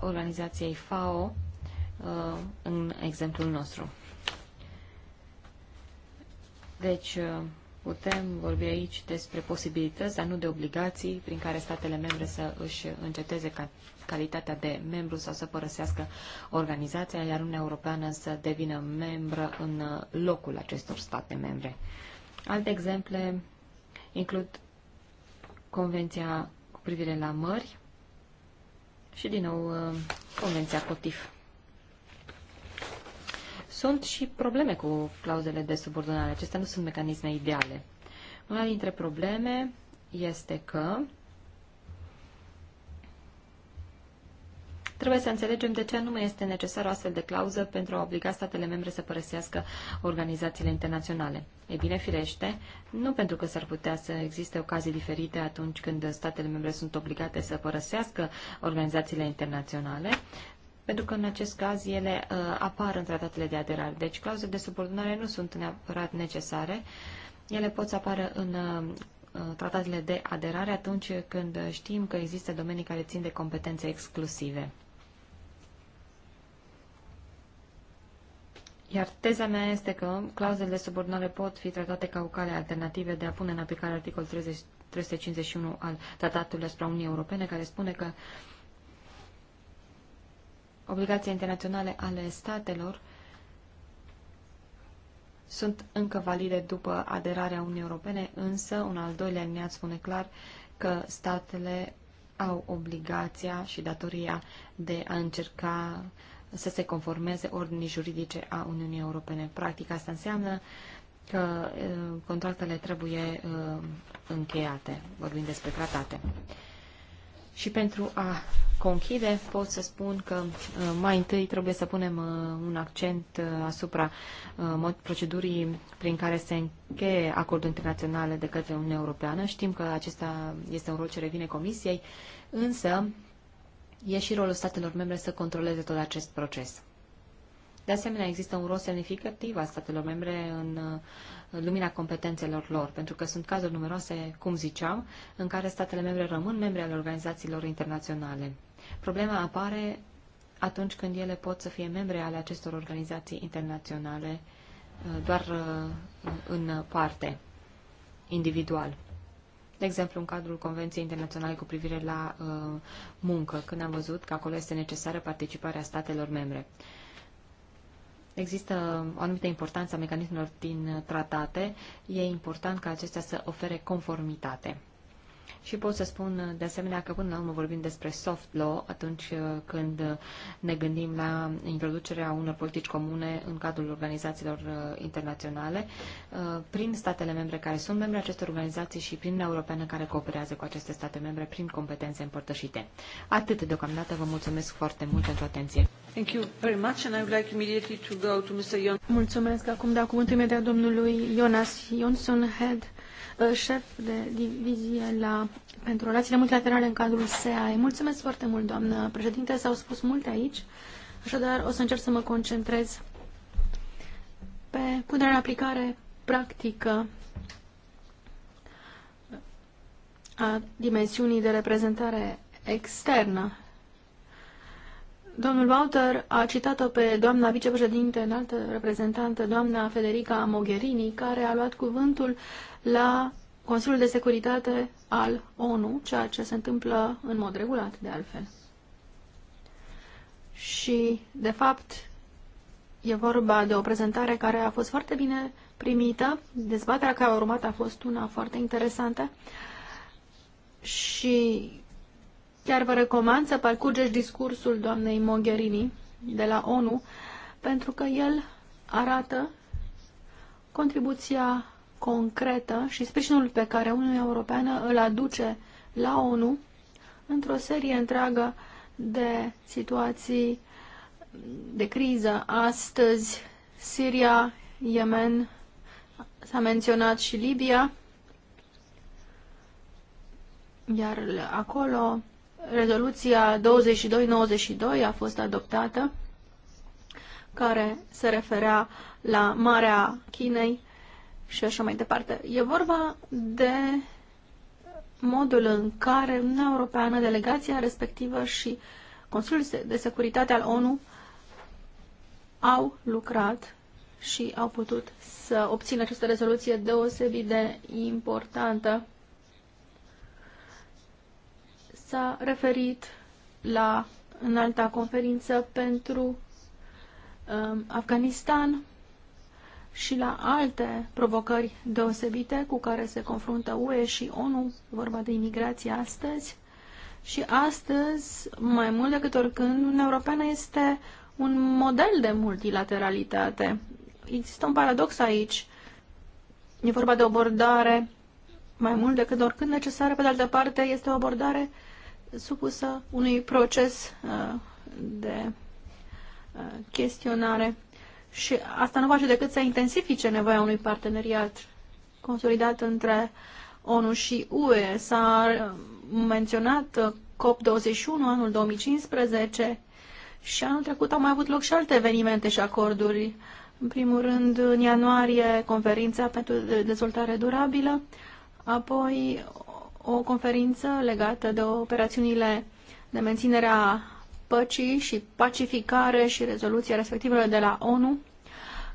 organizației FAO uh, în exemplul nostru. Deci, Putem vorbi aici despre posibilități, dar nu de obligații, prin care statele membre să își înceteze ca calitatea de membru sau să părăsească organizația, iar Uniunea Europeană să devină membră în locul acestor state membre. Alte exemple includ Convenția cu privire la mări și, din nou, Convenția COTIF. Sunt și probleme cu clauzele de subordonare. Acestea nu sunt mecanisme ideale. Una dintre probleme este că Trebuie să înțelegem de ce mai este necesară o astfel de clauză pentru a obliga statele membre să părăsească organizațiile internaționale. E bine, firește, nu pentru că s-ar putea să existe ocazii diferite atunci când statele membre sunt obligate să părăsească organizațiile internaționale, pentru că în acest caz ele uh, apar în tratatele de aderare. Deci clauzele de subordonare nu sunt neapărat necesare. Ele pot să apară în uh, tratatele de aderare atunci când știm că există domenii care țin de competențe exclusive. Iar teza mea este că clauzele de subordonare pot fi tratate ca o cale alternative de a pune în aplicare articolul 30, 351 al Tratatului asupra Uniunii Europene, care spune că uh, obligații internaționale ale statelor sunt încă valide după aderarea Uniunii Europene, însă un al doilea alineat spune clar că statele au obligația și datoria de a încerca să se conformeze ordinii juridice a Uniunii Europene. Practic asta înseamnă că eh, contractele trebuie eh, încheiate, vorbim despre tratate. Și pentru a conchide, pot să spun că uh, mai întâi trebuie să punem uh, un accent uh, asupra procedurii prin care se încheie acordul internațional de către Uniunea Europeană. Știm că acesta este un rol ce revine Comisiei, însă e și rolul statelor membre să controleze tot acest proces. De asemenea, există un rol semnificativ a statelor membre în lumina competențelor lor, pentru că sunt cazuri numeroase, cum ziceam, în care statele membre rămân membre ale organizațiilor internaționale. Problema apare atunci când ele pot să fie membre ale acestor organizații internaționale uh, doar uh, în parte, individual. De exemplu, în cadrul Convenției Internaționale cu privire la uh, muncă, când am văzut că acolo este necesară participarea statelor membre. Uh, Există o anumită importanță a mecanismelor din tratate. E important ca acestea să ofere conformitate. Și pot să spun de asemenea că până la urmă vorbim despre soft law atunci uh, când ne gândim la introducerea unor politici comune în cadrul organizațiilor uh, internaționale uh, prin statele membre care sunt membre acestor organizații și prin europeană care cooperează cu aceste state membre prin competențe împărtășite. Atât deocamdată, vă mulțumesc foarte mult pentru atenție. Thank you very much and I would like immediately to go to Mr. Mulțumesc. Acum dau cuvântul imediat domnului Jonas Johnson, Head Uh, șef de divizie la, pentru relațiile multilaterale în cadrul SEAE. Mulțumesc foarte mult, doamnă președinte, s-au spus multe aici, așadar o să încerc să mă concentrez pe punerea în aplicare practică a dimensiunii de reprezentare externă Domnul Walter a citat-o pe doamna vicepreședinte, înaltă reprezentantă, doamna Federica Mogherini, care a luat cuvântul la Consiliul de Securitate al ONU, ceea ce se întâmplă în mod regulat, de altfel. Și, de fapt, e vorba de o prezentare care a fost foarte bine primită. Dezbaterea care a urmat a fost una foarte interesantă și Chiar vă recomand să parcurgeți discursul doamnei Mogherini de la ONU, pentru că el arată contribuția concretă și sprijinul pe care Uniunea Europeană îl aduce la ONU într-o serie întreagă de situații de criză. Astăzi, Siria, Yemen, s-a menționat și Libia, iar acolo Rezoluția 2292 a fost adoptată, care se referea la Marea Chinei și așa mai departe. E vorba de modul în care Uniunea Europeană, delegația respectivă și Consiliul de Securitate al ONU au lucrat și au putut să obțină această rezoluție deosebit de importantă s-a referit la înalta conferință pentru um, Afganistan și la alte provocări deosebite cu care se confruntă UE și ONU, vorba de imigrație astăzi. Și astăzi, mai mult decât oricând, Uniunea Europeană este un model de multilateralitate. Există un paradox aici. E vorba de o abordare mai mult decât oricând necesară, pe de altă parte este o abordare uh, supusă unui proces uh, de uh, chestionare și asta nu face decât să intensifice nevoia unui parteneriat consolidat între ONU și UE. S-a uh, menționat COP21 anul 2015 și anul trecut au mai avut loc și alte evenimente și acorduri. În primul rând, în ianuarie, conferința pentru dezvoltare durabilă, apoi o conferință legată de operațiunile de menținere a păcii și pacificare și rezoluția respectivă de la ONU,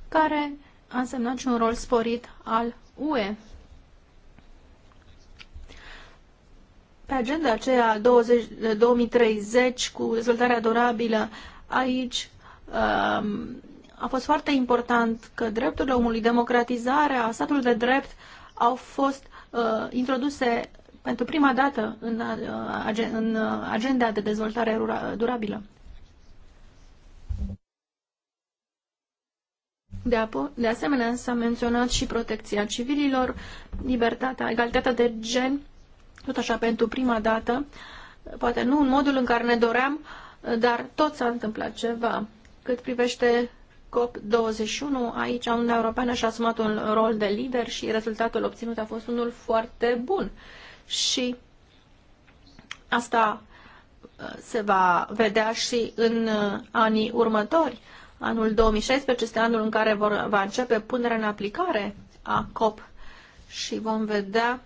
care a însemnat și un rol sporit al UE. Pe agenda aceea 20, 2030 cu dezvoltarea durabilă aici um, a fost foarte important că drepturile omului, democratizarea, statul de drept au fost uh, introduse pentru prima dată în, uh, în uh, agenda de dezvoltare durabilă. De, apo, de asemenea, s-a menționat și protecția civililor, libertatea, egalitatea de gen, tot așa pentru prima dată, poate nu în modul în care ne doream, dar tot s-a întâmplat ceva. Cât privește COP21, aici Uniunea Europeană și-a asumat un rol de lider și rezultatul obținut a fost unul foarte bun și asta uh, se va vedea și în uh, anii următori. Anul 2016 este anul în care vor, va începe punerea în aplicare a COP și vom vedea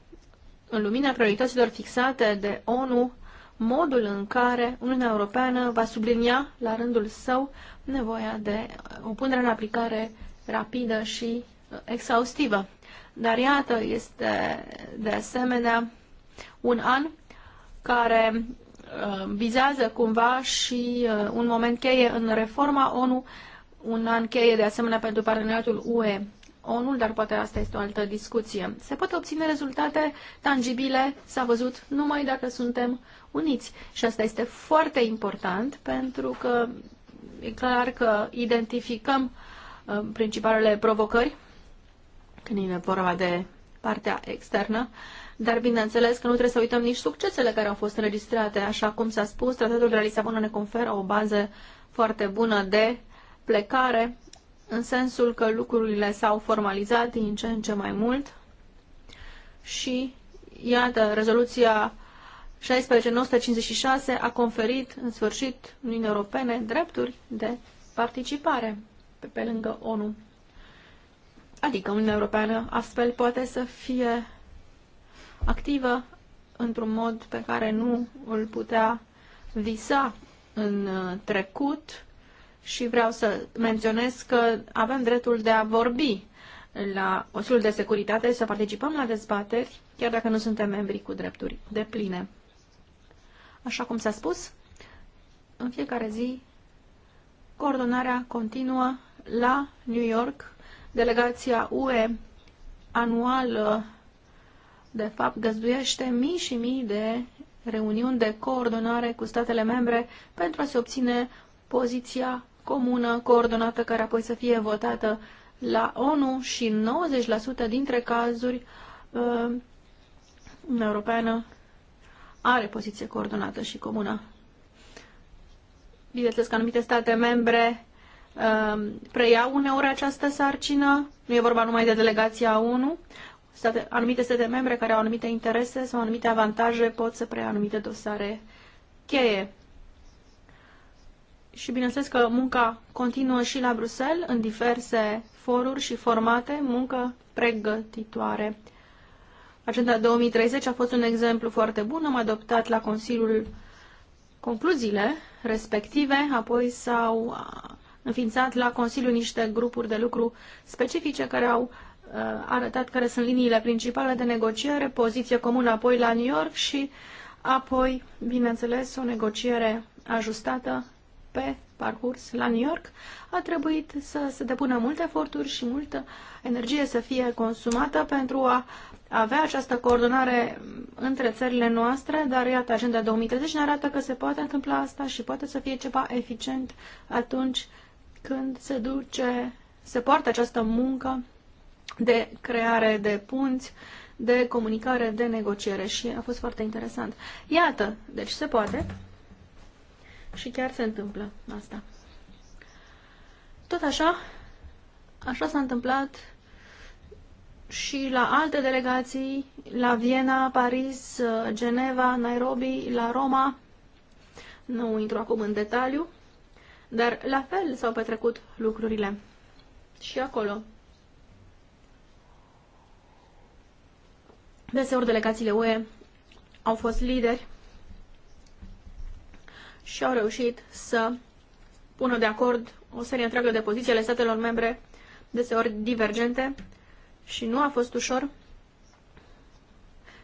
în lumina priorităților fixate de ONU modul în care Uniunea Europeană va sublinia la rândul său nevoia de uh, o punere în aplicare rapidă și exhaustivă. Dar iată, este de asemenea un an care uh, vizează cumva și uh, un moment cheie în reforma ONU, un an cheie de asemenea pentru parteneriatul UE ONU, dar poate asta este o altă discuție. Se pot obține rezultate tangibile, s-a văzut, numai dacă suntem uniți. Și asta este foarte important pentru că e clar că identificăm uh, principalele provocări când e vorba de partea externă dar bineînțeles că nu trebuie să uităm nici succesele care au fost înregistrate. Așa cum s-a spus, Tratatul de la Lisabona ne conferă o bază foarte bună de plecare, în sensul că lucrurile s-au formalizat din ce în ce mai mult și, iată, rezoluția 16956 a conferit, în sfârșit, Uniunii Europene drepturi de participare pe, pe lângă ONU. Adică Uniunea Europeană astfel poate să fie activă într-un mod pe care nu îl putea visa în uh, trecut și vreau să menționez că avem dreptul de a vorbi la Consiliul de Securitate să participăm la dezbateri, chiar dacă nu suntem membri cu drepturi de pline. Așa cum s-a spus, în fiecare zi coordonarea continuă la New York. Delegația UE anual de fapt, găzduiește mii și mii de reuniuni de coordonare cu statele membre pentru a se obține poziția comună, coordonată, care apoi să fie votată la ONU și 90% dintre cazuri uh, Europeană are poziție coordonată și comună. Bineînțeles că anumite state membre uh, preiau uneori această sarcină, nu e vorba numai de delegația ONU, state, anumite state membre care au anumite interese sau anumite avantaje pot să preia anumite dosare cheie. Și bineînțeles că munca continuă și la Bruxelles, în diverse foruri și formate, muncă pregătitoare. Agenda 2030 a fost un exemplu foarte bun, am adoptat la Consiliul concluziile respective, apoi s-au înființat la Consiliu niște grupuri de lucru specifice care au Uh, arătat care sunt liniile principale de negociere, poziție comună apoi la New York și apoi, bineînțeles, o negociere ajustată pe parcurs la New York. A trebuit să se depună multe eforturi și multă energie să fie consumată pentru a avea această coordonare între țările noastre, dar iată, agenda 2030 ne arată că se poate întâmpla asta și poate să fie ceva eficient atunci când se duce, se poartă această muncă de creare de punți, de comunicare, de negociere și a fost foarte interesant. Iată, deci se poate și chiar se întâmplă asta. Tot așa, așa s-a întâmplat și la alte delegații, la Viena, Paris, Geneva, Nairobi, la Roma. Nu intru acum în detaliu, dar la fel s-au petrecut lucrurile. Și acolo Deseori delegațiile UE au fost lideri și au reușit să pună de acord o serie întreagă de poziții ale statelor membre, deseori divergente, și nu a fost ușor.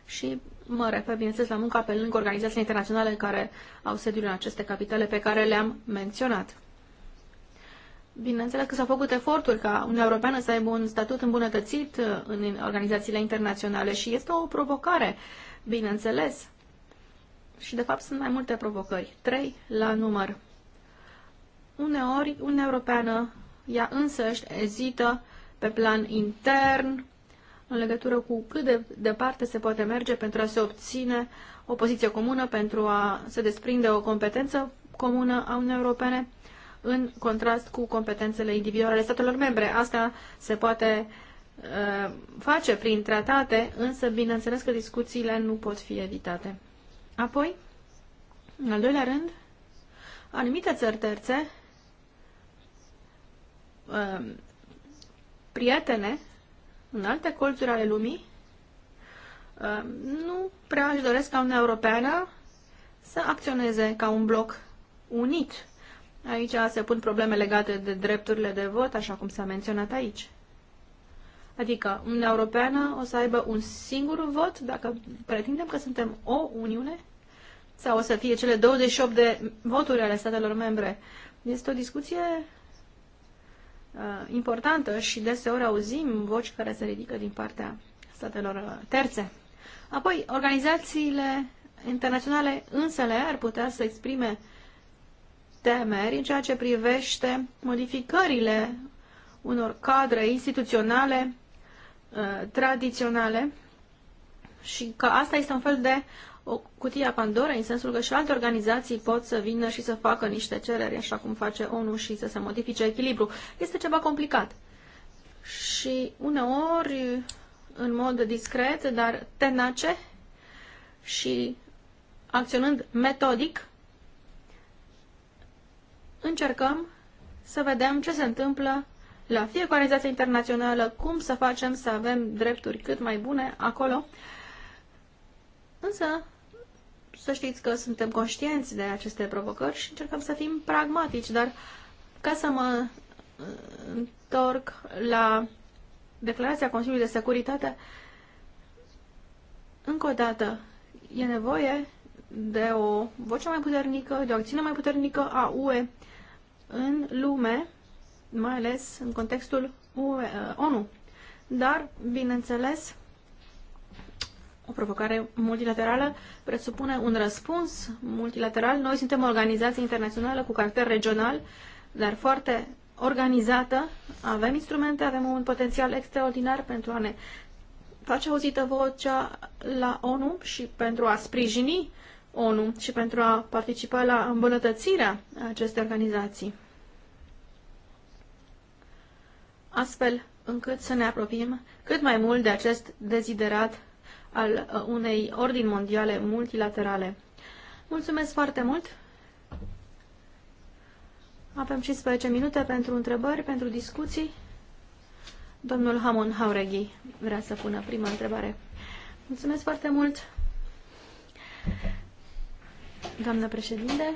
Și mă refer, bineînțeles, la munca pe lângă organizațiile internaționale care au sediul în aceste capitale pe care le-am menționat. Bineînțeles că s-au făcut eforturi ca Uniunea Europeană să aibă un statut îmbunătățit uh, în organizațiile internaționale și este o provocare, bineînțeles. Și, de fapt, sunt mai multe provocări, trei la număr. Uneori, Uniunea Europeană ea însăși ezită pe plan intern în legătură cu cât de departe se poate merge pentru a se obține o poziție comună, pentru a se desprinde o competență comună a Uniunii Europene în contrast cu competențele individuale ale statelor membre. Asta se poate uh, face prin tratate, însă bineînțeles că discuțiile nu pot fi evitate. Apoi, în al doilea rând, anumite țări terțe, uh, prietene, în alte colțuri ale lumii, uh, nu prea își doresc ca Uniunea Europeană să acționeze ca un bloc unit Aici se pun probleme legate de drepturile de vot, așa cum s-a menționat aici. Adică Uniunea Europeană o să aibă un singur vot dacă pretindem că suntem o Uniune sau o să fie cele 28 de voturi ale statelor membre. Este o discuție uh, importantă și deseori auzim voci care se ridică din partea statelor uh, terțe. Apoi, organizațiile internaționale însele ar putea să exprime uh, temeri în ceea ce privește modificările unor cadre instituționale uh, tradiționale și că asta este un fel de o cutie a Pandorei, în sensul că și alte organizații pot să vină și să facă niște cereri, așa cum face ONU, și să se modifice echilibru. Este ceva complicat. Și uneori, în mod discret, dar tenace și acționând metodic, încercăm să vedem ce se întâmplă la fiecare organizație internațională, cum să facem să avem drepturi cât mai bune acolo. Însă, să știți că suntem conștienți de aceste provocări și încercăm să fim pragmatici, dar ca să mă uh, întorc la declarația Consiliului de Securitate, încă o dată, e nevoie de o voce mai puternică, de o acțiune mai puternică a UE în lume, mai ales în contextul uh, ONU. Dar, bineînțeles, o provocare multilaterală presupune un răspuns multilateral. Noi suntem o organizație internațională cu caracter regional, dar foarte organizată. Avem instrumente, avem un potențial extraordinar pentru a ne face auzită vocea la ONU și pentru a sprijini ONU și pentru a participa la îmbunătățirea acestei organizații. astfel încât să ne apropiem cât mai mult de acest deziderat al uh, unei ordini mondiale multilaterale. Mulțumesc foarte mult! Avem 15 minute pentru întrebări, pentru discuții. Domnul Hamon Haureghi vrea să pună prima întrebare. Mulțumesc foarte mult, doamnă președinte.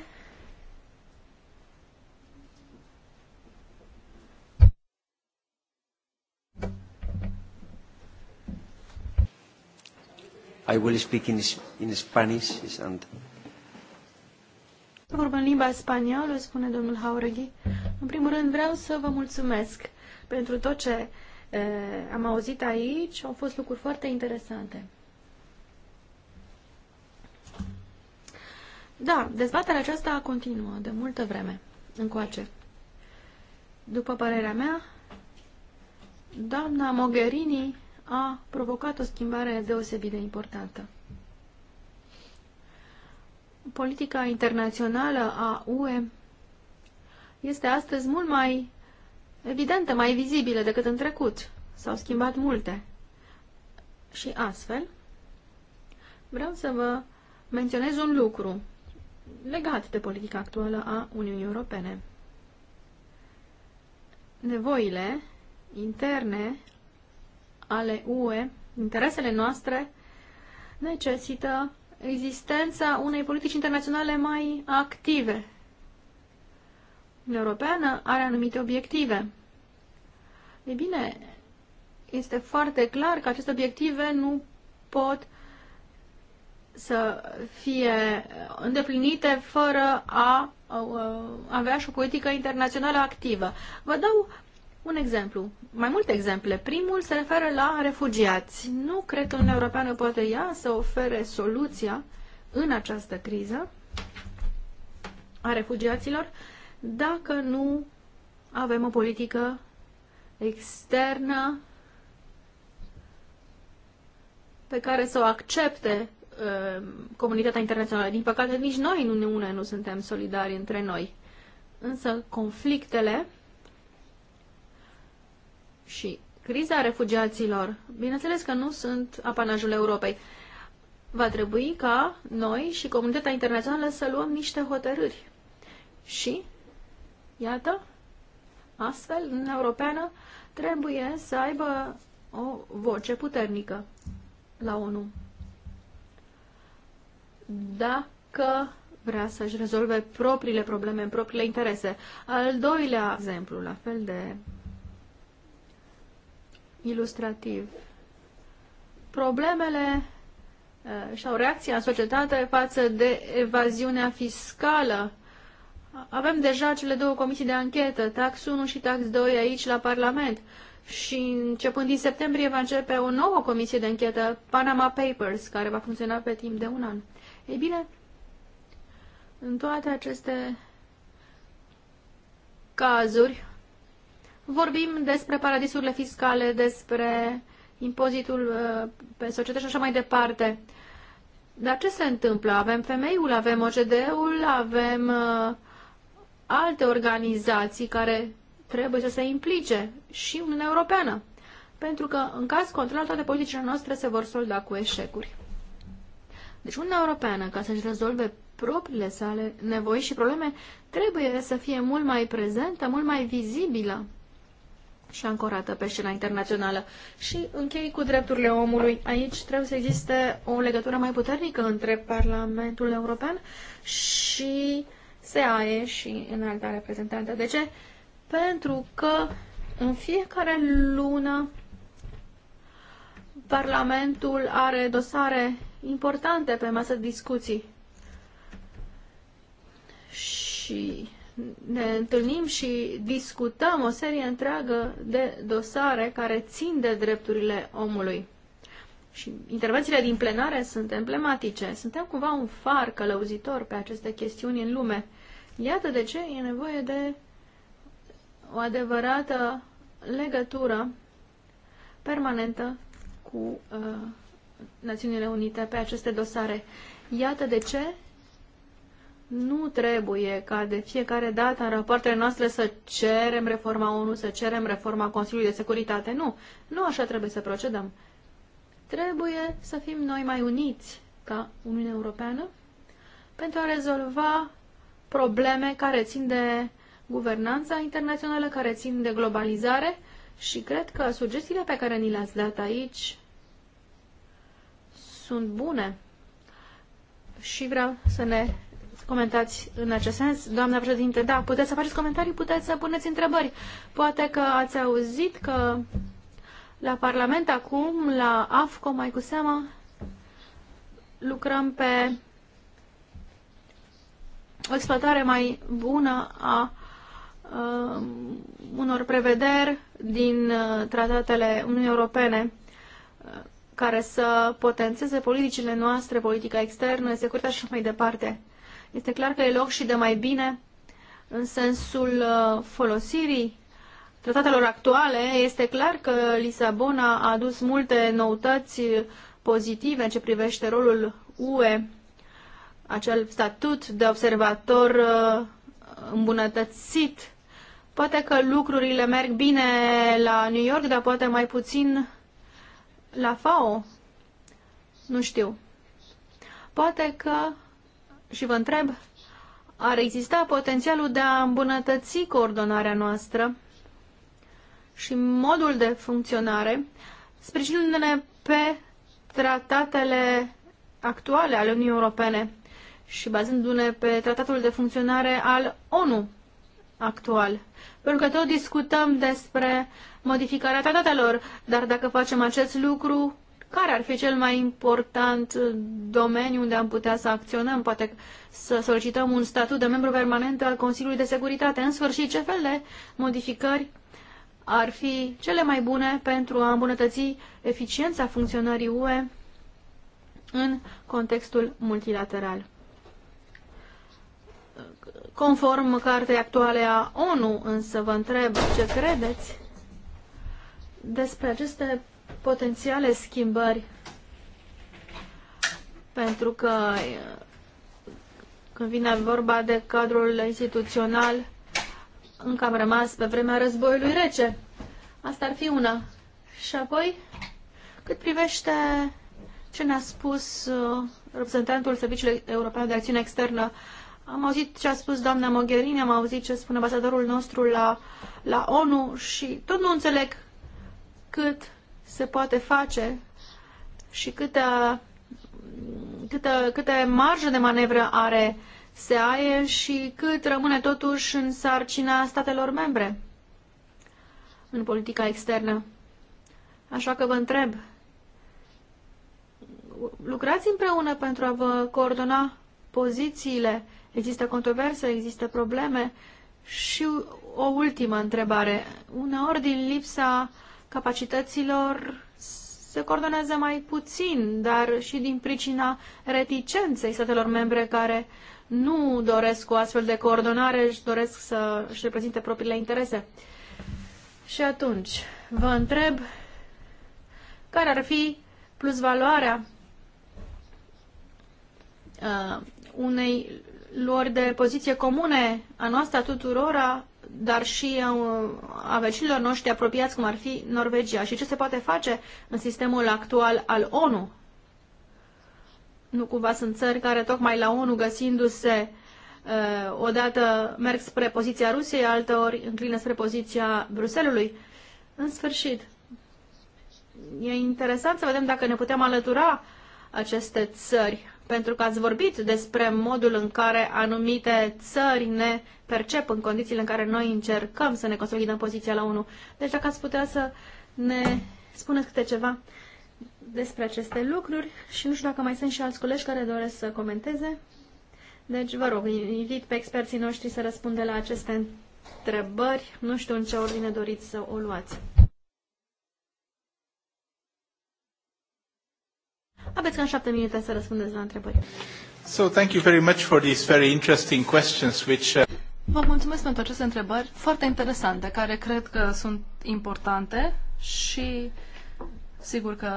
I will speak in, in Spanish and... în limba spaniolă, spune domnul Haureghi. În primul rând vreau să vă mulțumesc pentru tot ce e, am auzit aici. Au fost lucruri foarte interesante. Da, dezbaterea aceasta continuă de multă vreme încoace. După părerea mea, doamna Mogherini a provocat o schimbare deosebit de importantă. Politica internațională a UE este astăzi mult mai evidentă, mai vizibilă decât în trecut. S-au schimbat multe. Și astfel, vreau să vă menționez un lucru legat de politica actuală a Uniunii Europene. Nevoile interne ale UE, interesele noastre, necesită existența unei politici internaționale mai active. Uniunea Europeană are anumite obiective. Ei bine, este foarte clar că aceste obiective nu pot să fie îndeplinite fără a avea și o politică internațională activă. Vă dau un exemplu, mai multe exemple. Primul se referă la refugiați. Nu cred că Uniunea Europeană poate ea să ofere soluția în această criză a refugiaților dacă nu avem o politică externă pe care să o accepte uh, comunitatea internațională. Din păcate, nici noi în Uniune nu suntem solidari între noi. Însă conflictele și criza refugiaților, bineînțeles că nu sunt apanajul Europei. Va trebui ca noi și comunitatea internațională să luăm niște hotărâri. Și, iată, astfel, Uniunea Europeană trebuie să aibă o voce puternică la ONU. Dacă vrea să-și rezolve propriile probleme, propriile interese. Al doilea exemplu, la fel de ilustrativ. Problemele eh, sau reacția în societate față de evaziunea fiscală. Avem deja cele două comisii de anchetă, Tax 1 și Tax 2 aici la Parlament. Și începând din septembrie va începe o nouă comisie de închetă, Panama Papers, care va funcționa pe timp de un an. Ei bine, în toate aceste cazuri Vorbim despre paradisurile fiscale, despre impozitul uh, pe societate și așa mai departe. Dar ce se întâmplă? Avem femeiul, avem OCD-ul, avem uh, alte organizații care trebuie să se implice și Uniunea Europeană. Pentru că, în caz contrar, toate politicile noastre se vor solda cu eșecuri. Deci Uniunea Europeană, ca să-și rezolve propriile sale nevoi și probleme, trebuie să fie mult mai prezentă, mult mai vizibilă și ancorată pe scena internațională. Și închei cu drepturile omului. Aici trebuie să existe o legătură mai puternică între Parlamentul European și SAE și înalta reprezentantă. De ce? Pentru că în fiecare lună Parlamentul are dosare importante pe masă de discuții. Și ne întâlnim și discutăm o serie întreagă de dosare care țin de drepturile omului. Și intervențiile din plenare sunt emblematice. Suntem cumva un far călăuzitor pe aceste chestiuni în lume. Iată de ce e nevoie de o adevărată legătură permanentă cu uh, Națiunile Unite pe aceste dosare. Iată de ce nu trebuie ca de fiecare dată în rapoartele noastre să cerem reforma ONU, să cerem reforma Consiliului de Securitate. Nu, nu așa trebuie să procedăm. Trebuie să fim noi mai uniți ca Uniunea Europeană pentru a rezolva probleme care țin de guvernanța internațională, care țin de globalizare și cred că sugestiile pe care ni le-ați dat aici sunt bune și vreau să ne comentați în acest sens? Doamna președinte, da, puteți să faceți comentarii, puteți să puneți întrebări. Poate că ați auzit că la Parlament acum, la AFCO mai cu seamă, lucrăm pe o exploatare mai bună a uh, unor prevederi din uh, tratatele Uniunii Europene uh, care să potențeze politicile noastre, politica externă, securitatea și mai departe. Este clar că e loc și de mai bine în sensul uh, folosirii tratatelor actuale. Este clar că Lisabona a adus multe noutăți pozitive în ce privește rolul UE, acel statut de observator uh, îmbunătățit. Poate că lucrurile merg bine la New York, dar poate mai puțin la FAO. Nu știu. Poate că și vă întreb, ar exista potențialul de a îmbunătăți coordonarea noastră și modul de funcționare, sprijinându-ne pe tratatele actuale ale Uniunii Europene și bazându-ne pe tratatul de funcționare al ONU actual. Pentru că tot discutăm despre modificarea tratatelor, dar dacă facem acest lucru, care ar fi cel mai important domeniu unde am putea să acționăm? Poate să solicităm un statut de membru permanent al Consiliului de Securitate. În sfârșit, ce fel de modificări ar fi cele mai bune pentru a îmbunătăți eficiența funcționării UE în contextul multilateral? Conform cartei actuale a ONU, însă vă întreb ce credeți despre aceste potențiale schimbări pentru că când vine vorba de cadrul instituțional, încă am rămas pe vremea războiului rece. Asta ar fi una. Și apoi, cât privește ce ne-a spus uh, reprezentantul Serviciului European de Acțiune Externă, am auzit ce a spus doamna Mogherini, am auzit ce spune ambasadorul nostru la, la ONU și tot nu înțeleg cât se poate face și câtă, câtă, câtă marjă de manevră are se aie și cât rămâne totuși în sarcina statelor membre în politica externă. Așa că vă întreb, lucrați împreună pentru a vă coordona pozițiile? Există controverse, există probleme? Și o ultimă întrebare. Uneori, din lipsa capacităților se coordonează mai puțin, dar și din pricina reticenței statelor membre care nu doresc o astfel de coordonare, își doresc să își reprezinte propriile interese. Și atunci, vă întreb care ar fi plus valoarea uh, unei luări de poziție comune a noastră a tuturora dar și uh, a vecinilor noștri apropiați, cum ar fi Norvegia. Și ce se poate face în sistemul actual al ONU? Nu cumva sunt țări care tocmai la ONU găsindu-se uh, odată merg spre poziția Rusiei, alteori înclină spre poziția Bruselului. În sfârșit, e interesant să vedem dacă ne putem alătura aceste țări pentru că ați vorbit despre modul în care anumite țări ne percep în condițiile în care noi încercăm să ne consolidăm poziția la 1. Deci dacă ați putea să ne spuneți câte ceva despre aceste lucruri și nu știu dacă mai sunt și alți colegi care doresc să comenteze. Deci vă rog, invit pe experții noștri să răspundă la aceste întrebări. Nu știu în ce ordine doriți să o luați. Aveți cam șapte minute să răspundeți la întrebări. So thank you very much for these very interesting questions which uh... Vă mulțumesc pentru aceste întrebări foarte interesante, care cred că sunt importante și sigur că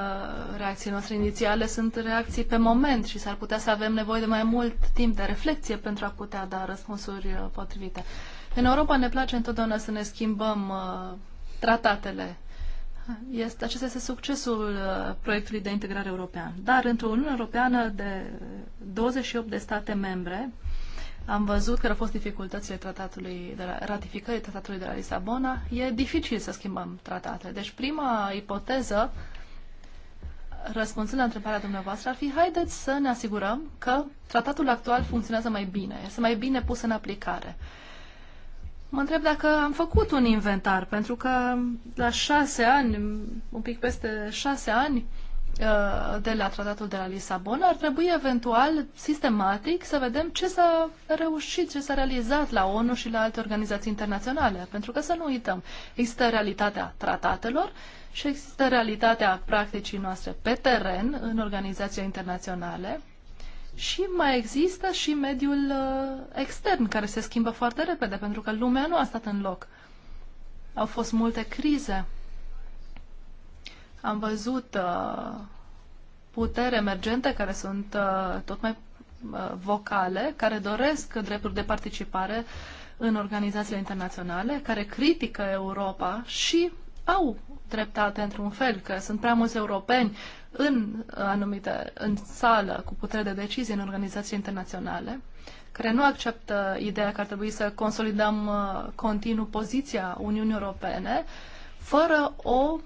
reacțiile noastre inițiale sunt reacții pe moment și s-ar putea să avem nevoie de mai mult timp de reflexie pentru a putea da răspunsuri uh, potrivite. În Europa ne place întotdeauna să ne schimbăm uh, tratatele este, acesta este succesul uh, proiectului de integrare european. Dar într-o Uniune Europeană de 28 uh, de state membre, am văzut că au fost dificultățile tratatului de la, ratificării tratatului de la Lisabona, e dificil să schimbăm tratatele. Deci prima ipoteză, răspunsând la întrebarea dumneavoastră, ar fi haideți să ne asigurăm că tratatul actual funcționează mai bine, este mai bine pus în aplicare. Uh, Mă întreb dacă am făcut un inventar, pentru că la șase ani, un pic peste șase ani uh, de la tratatul de la Lisabona, ar trebui eventual sistematic să vedem ce s-a reușit, ce s-a realizat la ONU și la alte organizații internaționale. Pentru că să nu uităm, există realitatea tratatelor și există realitatea practicii noastre pe teren în organizații internaționale, și mai există și mediul uh, extern, care se schimbă foarte repede, pentru că lumea nu a stat în loc. Au fost multe crize. Am văzut uh, putere emergente care sunt uh, tot mai vocale, care doresc drepturi de participare în organizațiile internaționale, care critică Europa și au dreptate într-un fel, că sunt prea mulți europeni în anumite, în sală cu putere de decizie în organizații internaționale, care nu acceptă ideea că ar trebui să consolidăm uh, continuu poziția Uniunii Europene, fără o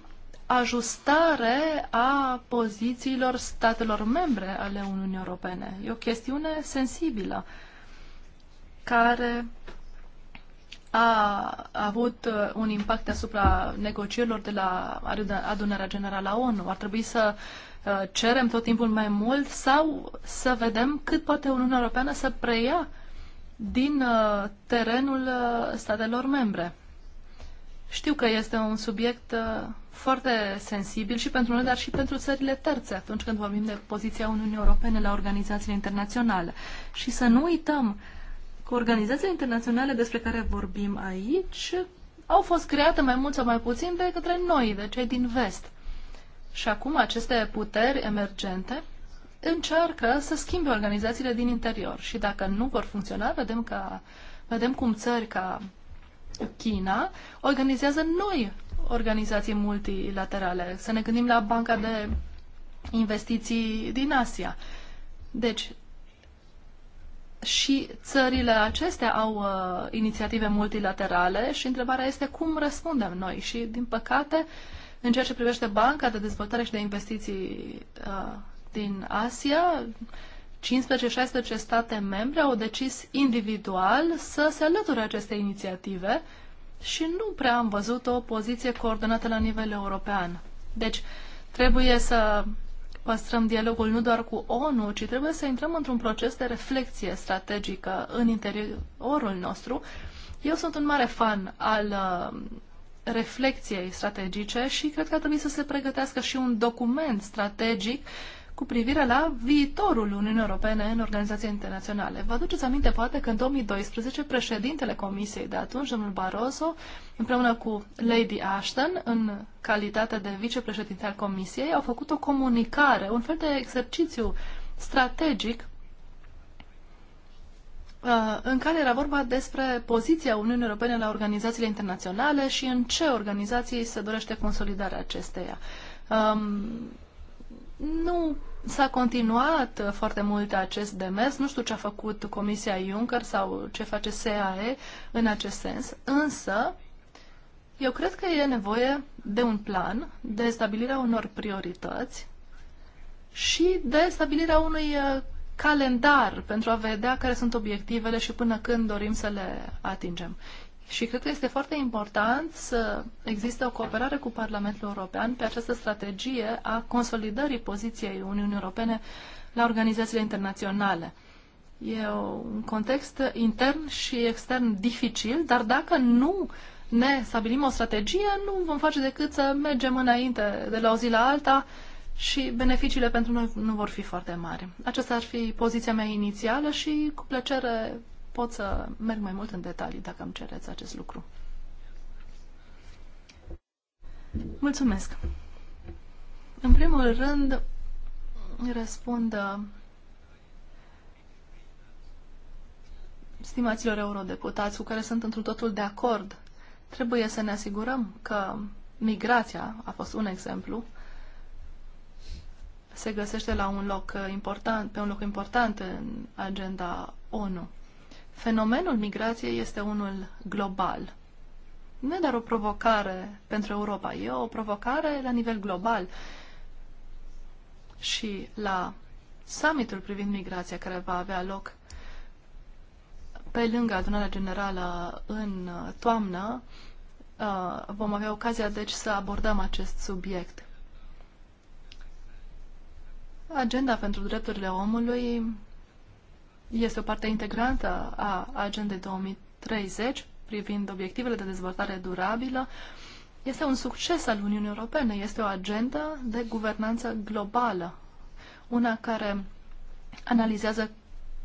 ajustare a pozițiilor statelor membre ale Uniunii Europene. E o chestiune sensibilă care a avut uh, un impact asupra negocierilor de la adunarea generală a ONU. Ar trebui să uh, cerem tot timpul mai mult sau să vedem cât poate Uniunea Europeană să preia din uh, terenul statelor membre. Știu că este un subiect foarte sensibil și pentru noi, dar și pentru țările terțe, atunci când vorbim de poziția Uniunii Europene la organizațiile internaționale. Și să nu uităm uh, cu organizațiile internaționale despre care vorbim aici au fost create mai mult sau mai puțin de către noi, de cei din vest. Și acum aceste puteri emergente încearcă să schimbe organizațiile din interior și dacă nu vor funcționa, vedem, că, vedem cum țări ca China organizează noi organizații multilaterale. Să ne gândim la Banca de Investiții din Asia. Deci, și țările acestea au uh, inițiative multilaterale și întrebarea este cum răspundem noi. Și, din păcate, în ceea ce privește Banca de Dezvoltare și de Investiții uh, din Asia, 15-16 state membre au decis individual să se alăture aceste inițiative și nu prea am văzut o poziție coordonată la nivel european. Deci, trebuie să păstrăm dialogul nu doar cu ONU, ci trebuie să intrăm într-un proces de reflexie strategică în interiorul nostru. Eu sunt un mare fan al uh, reflexiei strategice și cred că ar trebui să se pregătească și un document strategic cu privire la viitorul Uniunii Europene în organizații internaționale. Vă aduceți aminte poate că în 2012 președintele Comisiei de atunci, domnul Barroso, împreună cu Lady Ashton, în calitate de vicepreședinte al Comisiei, au făcut o comunicare, un fel de exercițiu strategic uh, în care era vorba despre poziția Uniunii Europene la organizațiile internaționale și în ce organizații se dorește consolidarea acesteia. Um, nu s-a continuat uh, foarte mult acest demers. Nu știu ce a făcut Comisia Juncker sau ce face SAE în acest sens, însă eu cred că e nevoie de un plan, de stabilirea unor priorități și de stabilirea unui uh, calendar pentru a vedea care sunt obiectivele și până când dorim să le atingem. Și cred că este foarte important să existe o cooperare cu Parlamentul European pe această strategie a consolidării poziției Uniunii Europene la organizațiile internaționale. E un context intern și extern dificil, dar dacă nu ne stabilim o strategie, nu vom face decât să mergem înainte de la o zi la alta și beneficiile pentru noi nu vor fi foarte mari. Aceasta ar fi poziția mea inițială și cu plăcere pot să merg mai mult în detalii dacă îmi cereți acest lucru. Mulțumesc! În primul rând, răspund stimaților eurodeputați cu care sunt într totul de acord. Trebuie să ne asigurăm că migrația a fost un exemplu, se găsește la un loc important, pe un loc important în agenda ONU. Fenomenul migrației este unul global. Nu e doar o provocare pentru Europa, e o provocare la nivel global. Și la summitul privind migrația care va avea loc pe lângă adunarea generală în toamnă, uh, vom avea ocazia deci să abordăm acest subiect. Agenda pentru drepturile omului este o parte integrantă a Agendei 2030 privind obiectivele de dezvoltare durabilă, este un succes al Uniunii Europene, este o agendă de guvernanță globală, una care analizează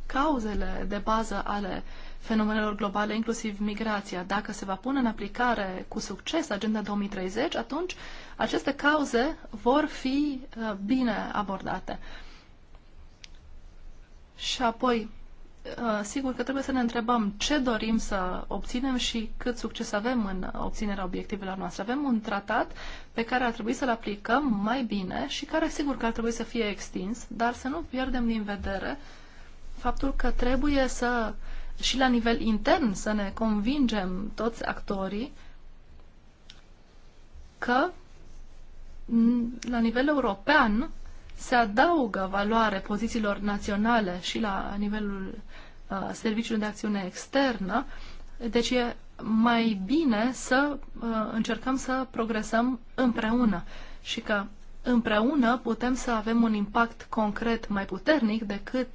cauzele de bază ale fenomenelor globale, inclusiv migrația. Dacă se va pune în aplicare cu succes Agenda 2030, atunci aceste cauze vor fi uh, bine abordate. Și apoi, Uh, sigur că trebuie să ne întrebăm ce dorim să obținem și cât succes avem în obținerea obiectivelor noastre. Avem un tratat pe care ar trebui să-l aplicăm mai bine și care sigur că ar trebui să fie extins, dar să nu pierdem din vedere faptul că trebuie să și la nivel intern să ne convingem toți actorii că la nivel european se adaugă valoare pozițiilor naționale și la nivelul Serviciul de Acțiune Externă. Deci e mai bine să încercăm să progresăm împreună și că împreună putem să avem un impact concret mai puternic decât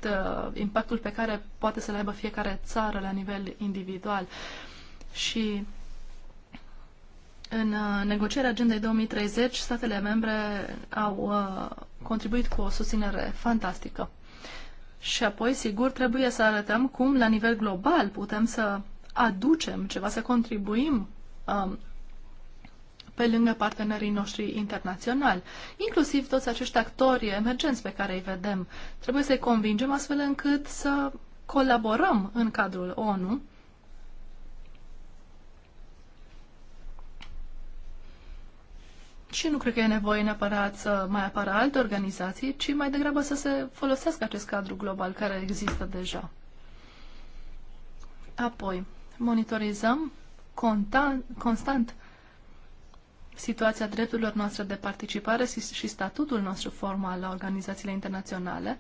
impactul pe care poate să-l aibă fiecare țară la nivel individual. Și în negocierea Agendei 2030, statele membre au contribuit cu o susținere fantastică. Și apoi, sigur, trebuie să arătăm cum, la nivel global, putem să aducem ceva, să contribuim um, pe lângă partenerii noștri internaționali, inclusiv toți acești actori emergenți pe care îi vedem. Trebuie să-i convingem astfel încât să colaborăm în cadrul ONU și nu cred că e nevoie neapărat să mai apară alte organizații, ci mai degrabă să se folosească acest cadru global care există deja. Apoi, monitorizăm constant situația drepturilor noastre de participare și statutul nostru formal la organizațiile internaționale.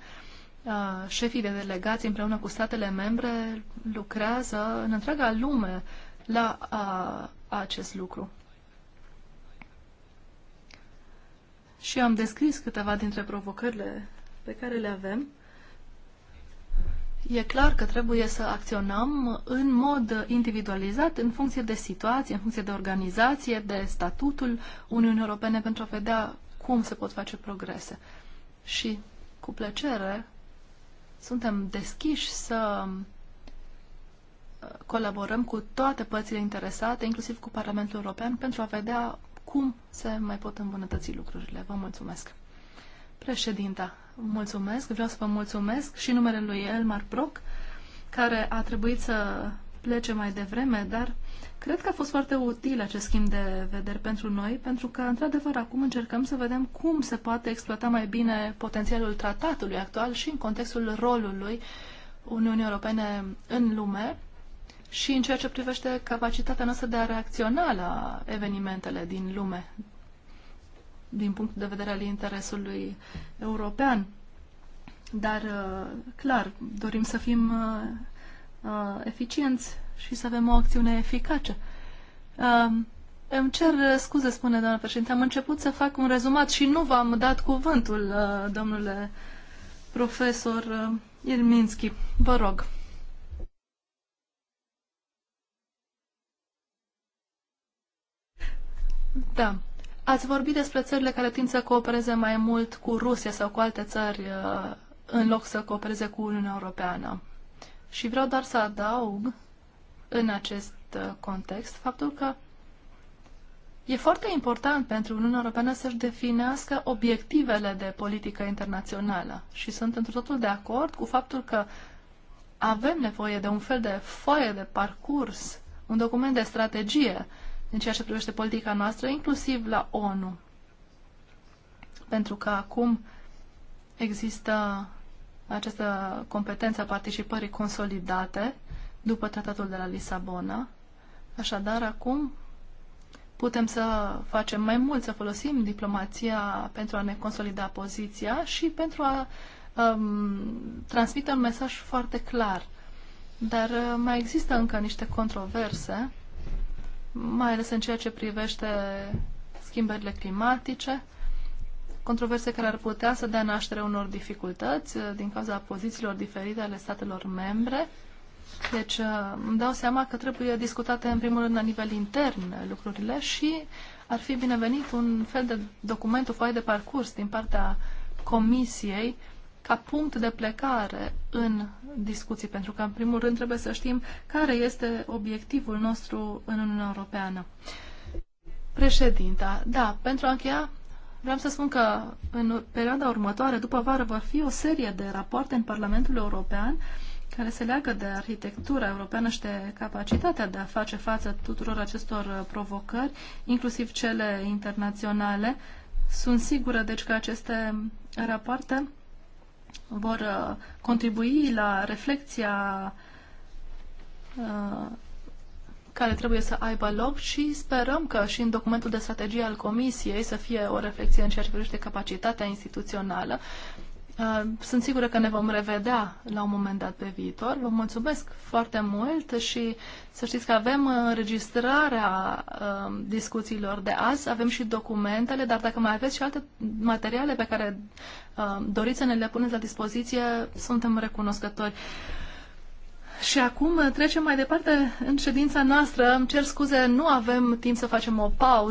Uh, șefii de delegații împreună cu statele membre lucrează în întreaga lume la uh, acest lucru. și am descris câteva dintre provocările pe care le avem. E clar că trebuie să acționăm în mod individualizat, în funcție de situație, în funcție de organizație, de statutul Uniunii Europene, pentru a vedea cum se pot face progrese. Și, cu plăcere, suntem deschiși să uh, colaborăm cu toate părțile interesate, inclusiv cu Parlamentul European, pentru a vedea cum se mai pot îmbunătăți lucrurile. Vă mulțumesc. Președinta, mulțumesc. Vreau să vă mulțumesc și numele lui Elmar Proc, care a trebuit să plece mai devreme, dar cred că a fost foarte util acest schimb de vederi pentru noi, pentru că, într-adevăr, acum încercăm să vedem cum se poate exploata mai bine potențialul tratatului actual și în contextul rolului Uniunii Europene în lume și în ceea ce privește capacitatea noastră de a reacționa la evenimentele din lume, din punct de vedere al interesului european. Dar, uh, clar, dorim să fim uh, uh, eficienți și să avem o acțiune eficace. Îmi cer scuze, spune doamna președinte, am început să fac un rezumat și nu v-am dat cuvântul, domnule profesor Irminski. Vă rog. Da. Ați vorbit despre țările care tind să coopereze mai mult cu Rusia sau cu alte țări uh, în loc să coopereze cu Uniunea Europeană. Și vreau doar să adaug în acest uh, context faptul că e foarte important pentru Uniunea Europeană să-și definească obiectivele de politică internațională. Și sunt într totul de acord cu faptul că avem nevoie de un fel de foaie de parcurs, un document de strategie în ceea ce privește politica noastră, inclusiv la ONU. Pentru că acum există această competență a participării consolidate după tratatul de la Lisabona. Așadar, acum putem să facem mai mult, să folosim diplomația pentru a ne consolida poziția și pentru a um, transmite un mesaj foarte clar. Dar uh, mai există încă niște controverse mai ales în ceea ce privește schimbările climatice, controverse care ar putea să dea naștere unor dificultăți uh, din cauza pozițiilor diferite ale statelor membre. Deci uh, îmi dau seama că trebuie discutate în primul rând la nivel intern uh, lucrurile și ar fi binevenit un fel de document, o foaie de parcurs din partea Comisiei ca punct de plecare în discuții, pentru că, în primul rând, trebuie să știm care este obiectivul nostru în Uniunea Europeană. Președinta, da, pentru a încheia, vreau să spun că în perioada următoare, după vară, vor fi o serie de rapoarte în Parlamentul European care se leagă de arhitectura europeană și de capacitatea de a face față tuturor acestor provocări, inclusiv cele internaționale. Sunt sigură, deci, că aceste rapoarte vor uh, contribui la reflexia uh, care trebuie să aibă loc și sperăm că și în documentul de strategie al Comisiei să fie o reflexie în ceea ce privește capacitatea instituțională Uh, sunt sigură că ne vom revedea la un moment dat pe viitor. Vă mulțumesc foarte mult și să știți că avem înregistrarea uh, discuțiilor de azi, avem și documentele, dar dacă mai aveți și alte materiale pe care uh, doriți să ne le puneți la dispoziție, suntem recunoscători. Și acum trecem mai departe în ședința noastră. Îmi cer scuze, nu avem timp să facem o pauză.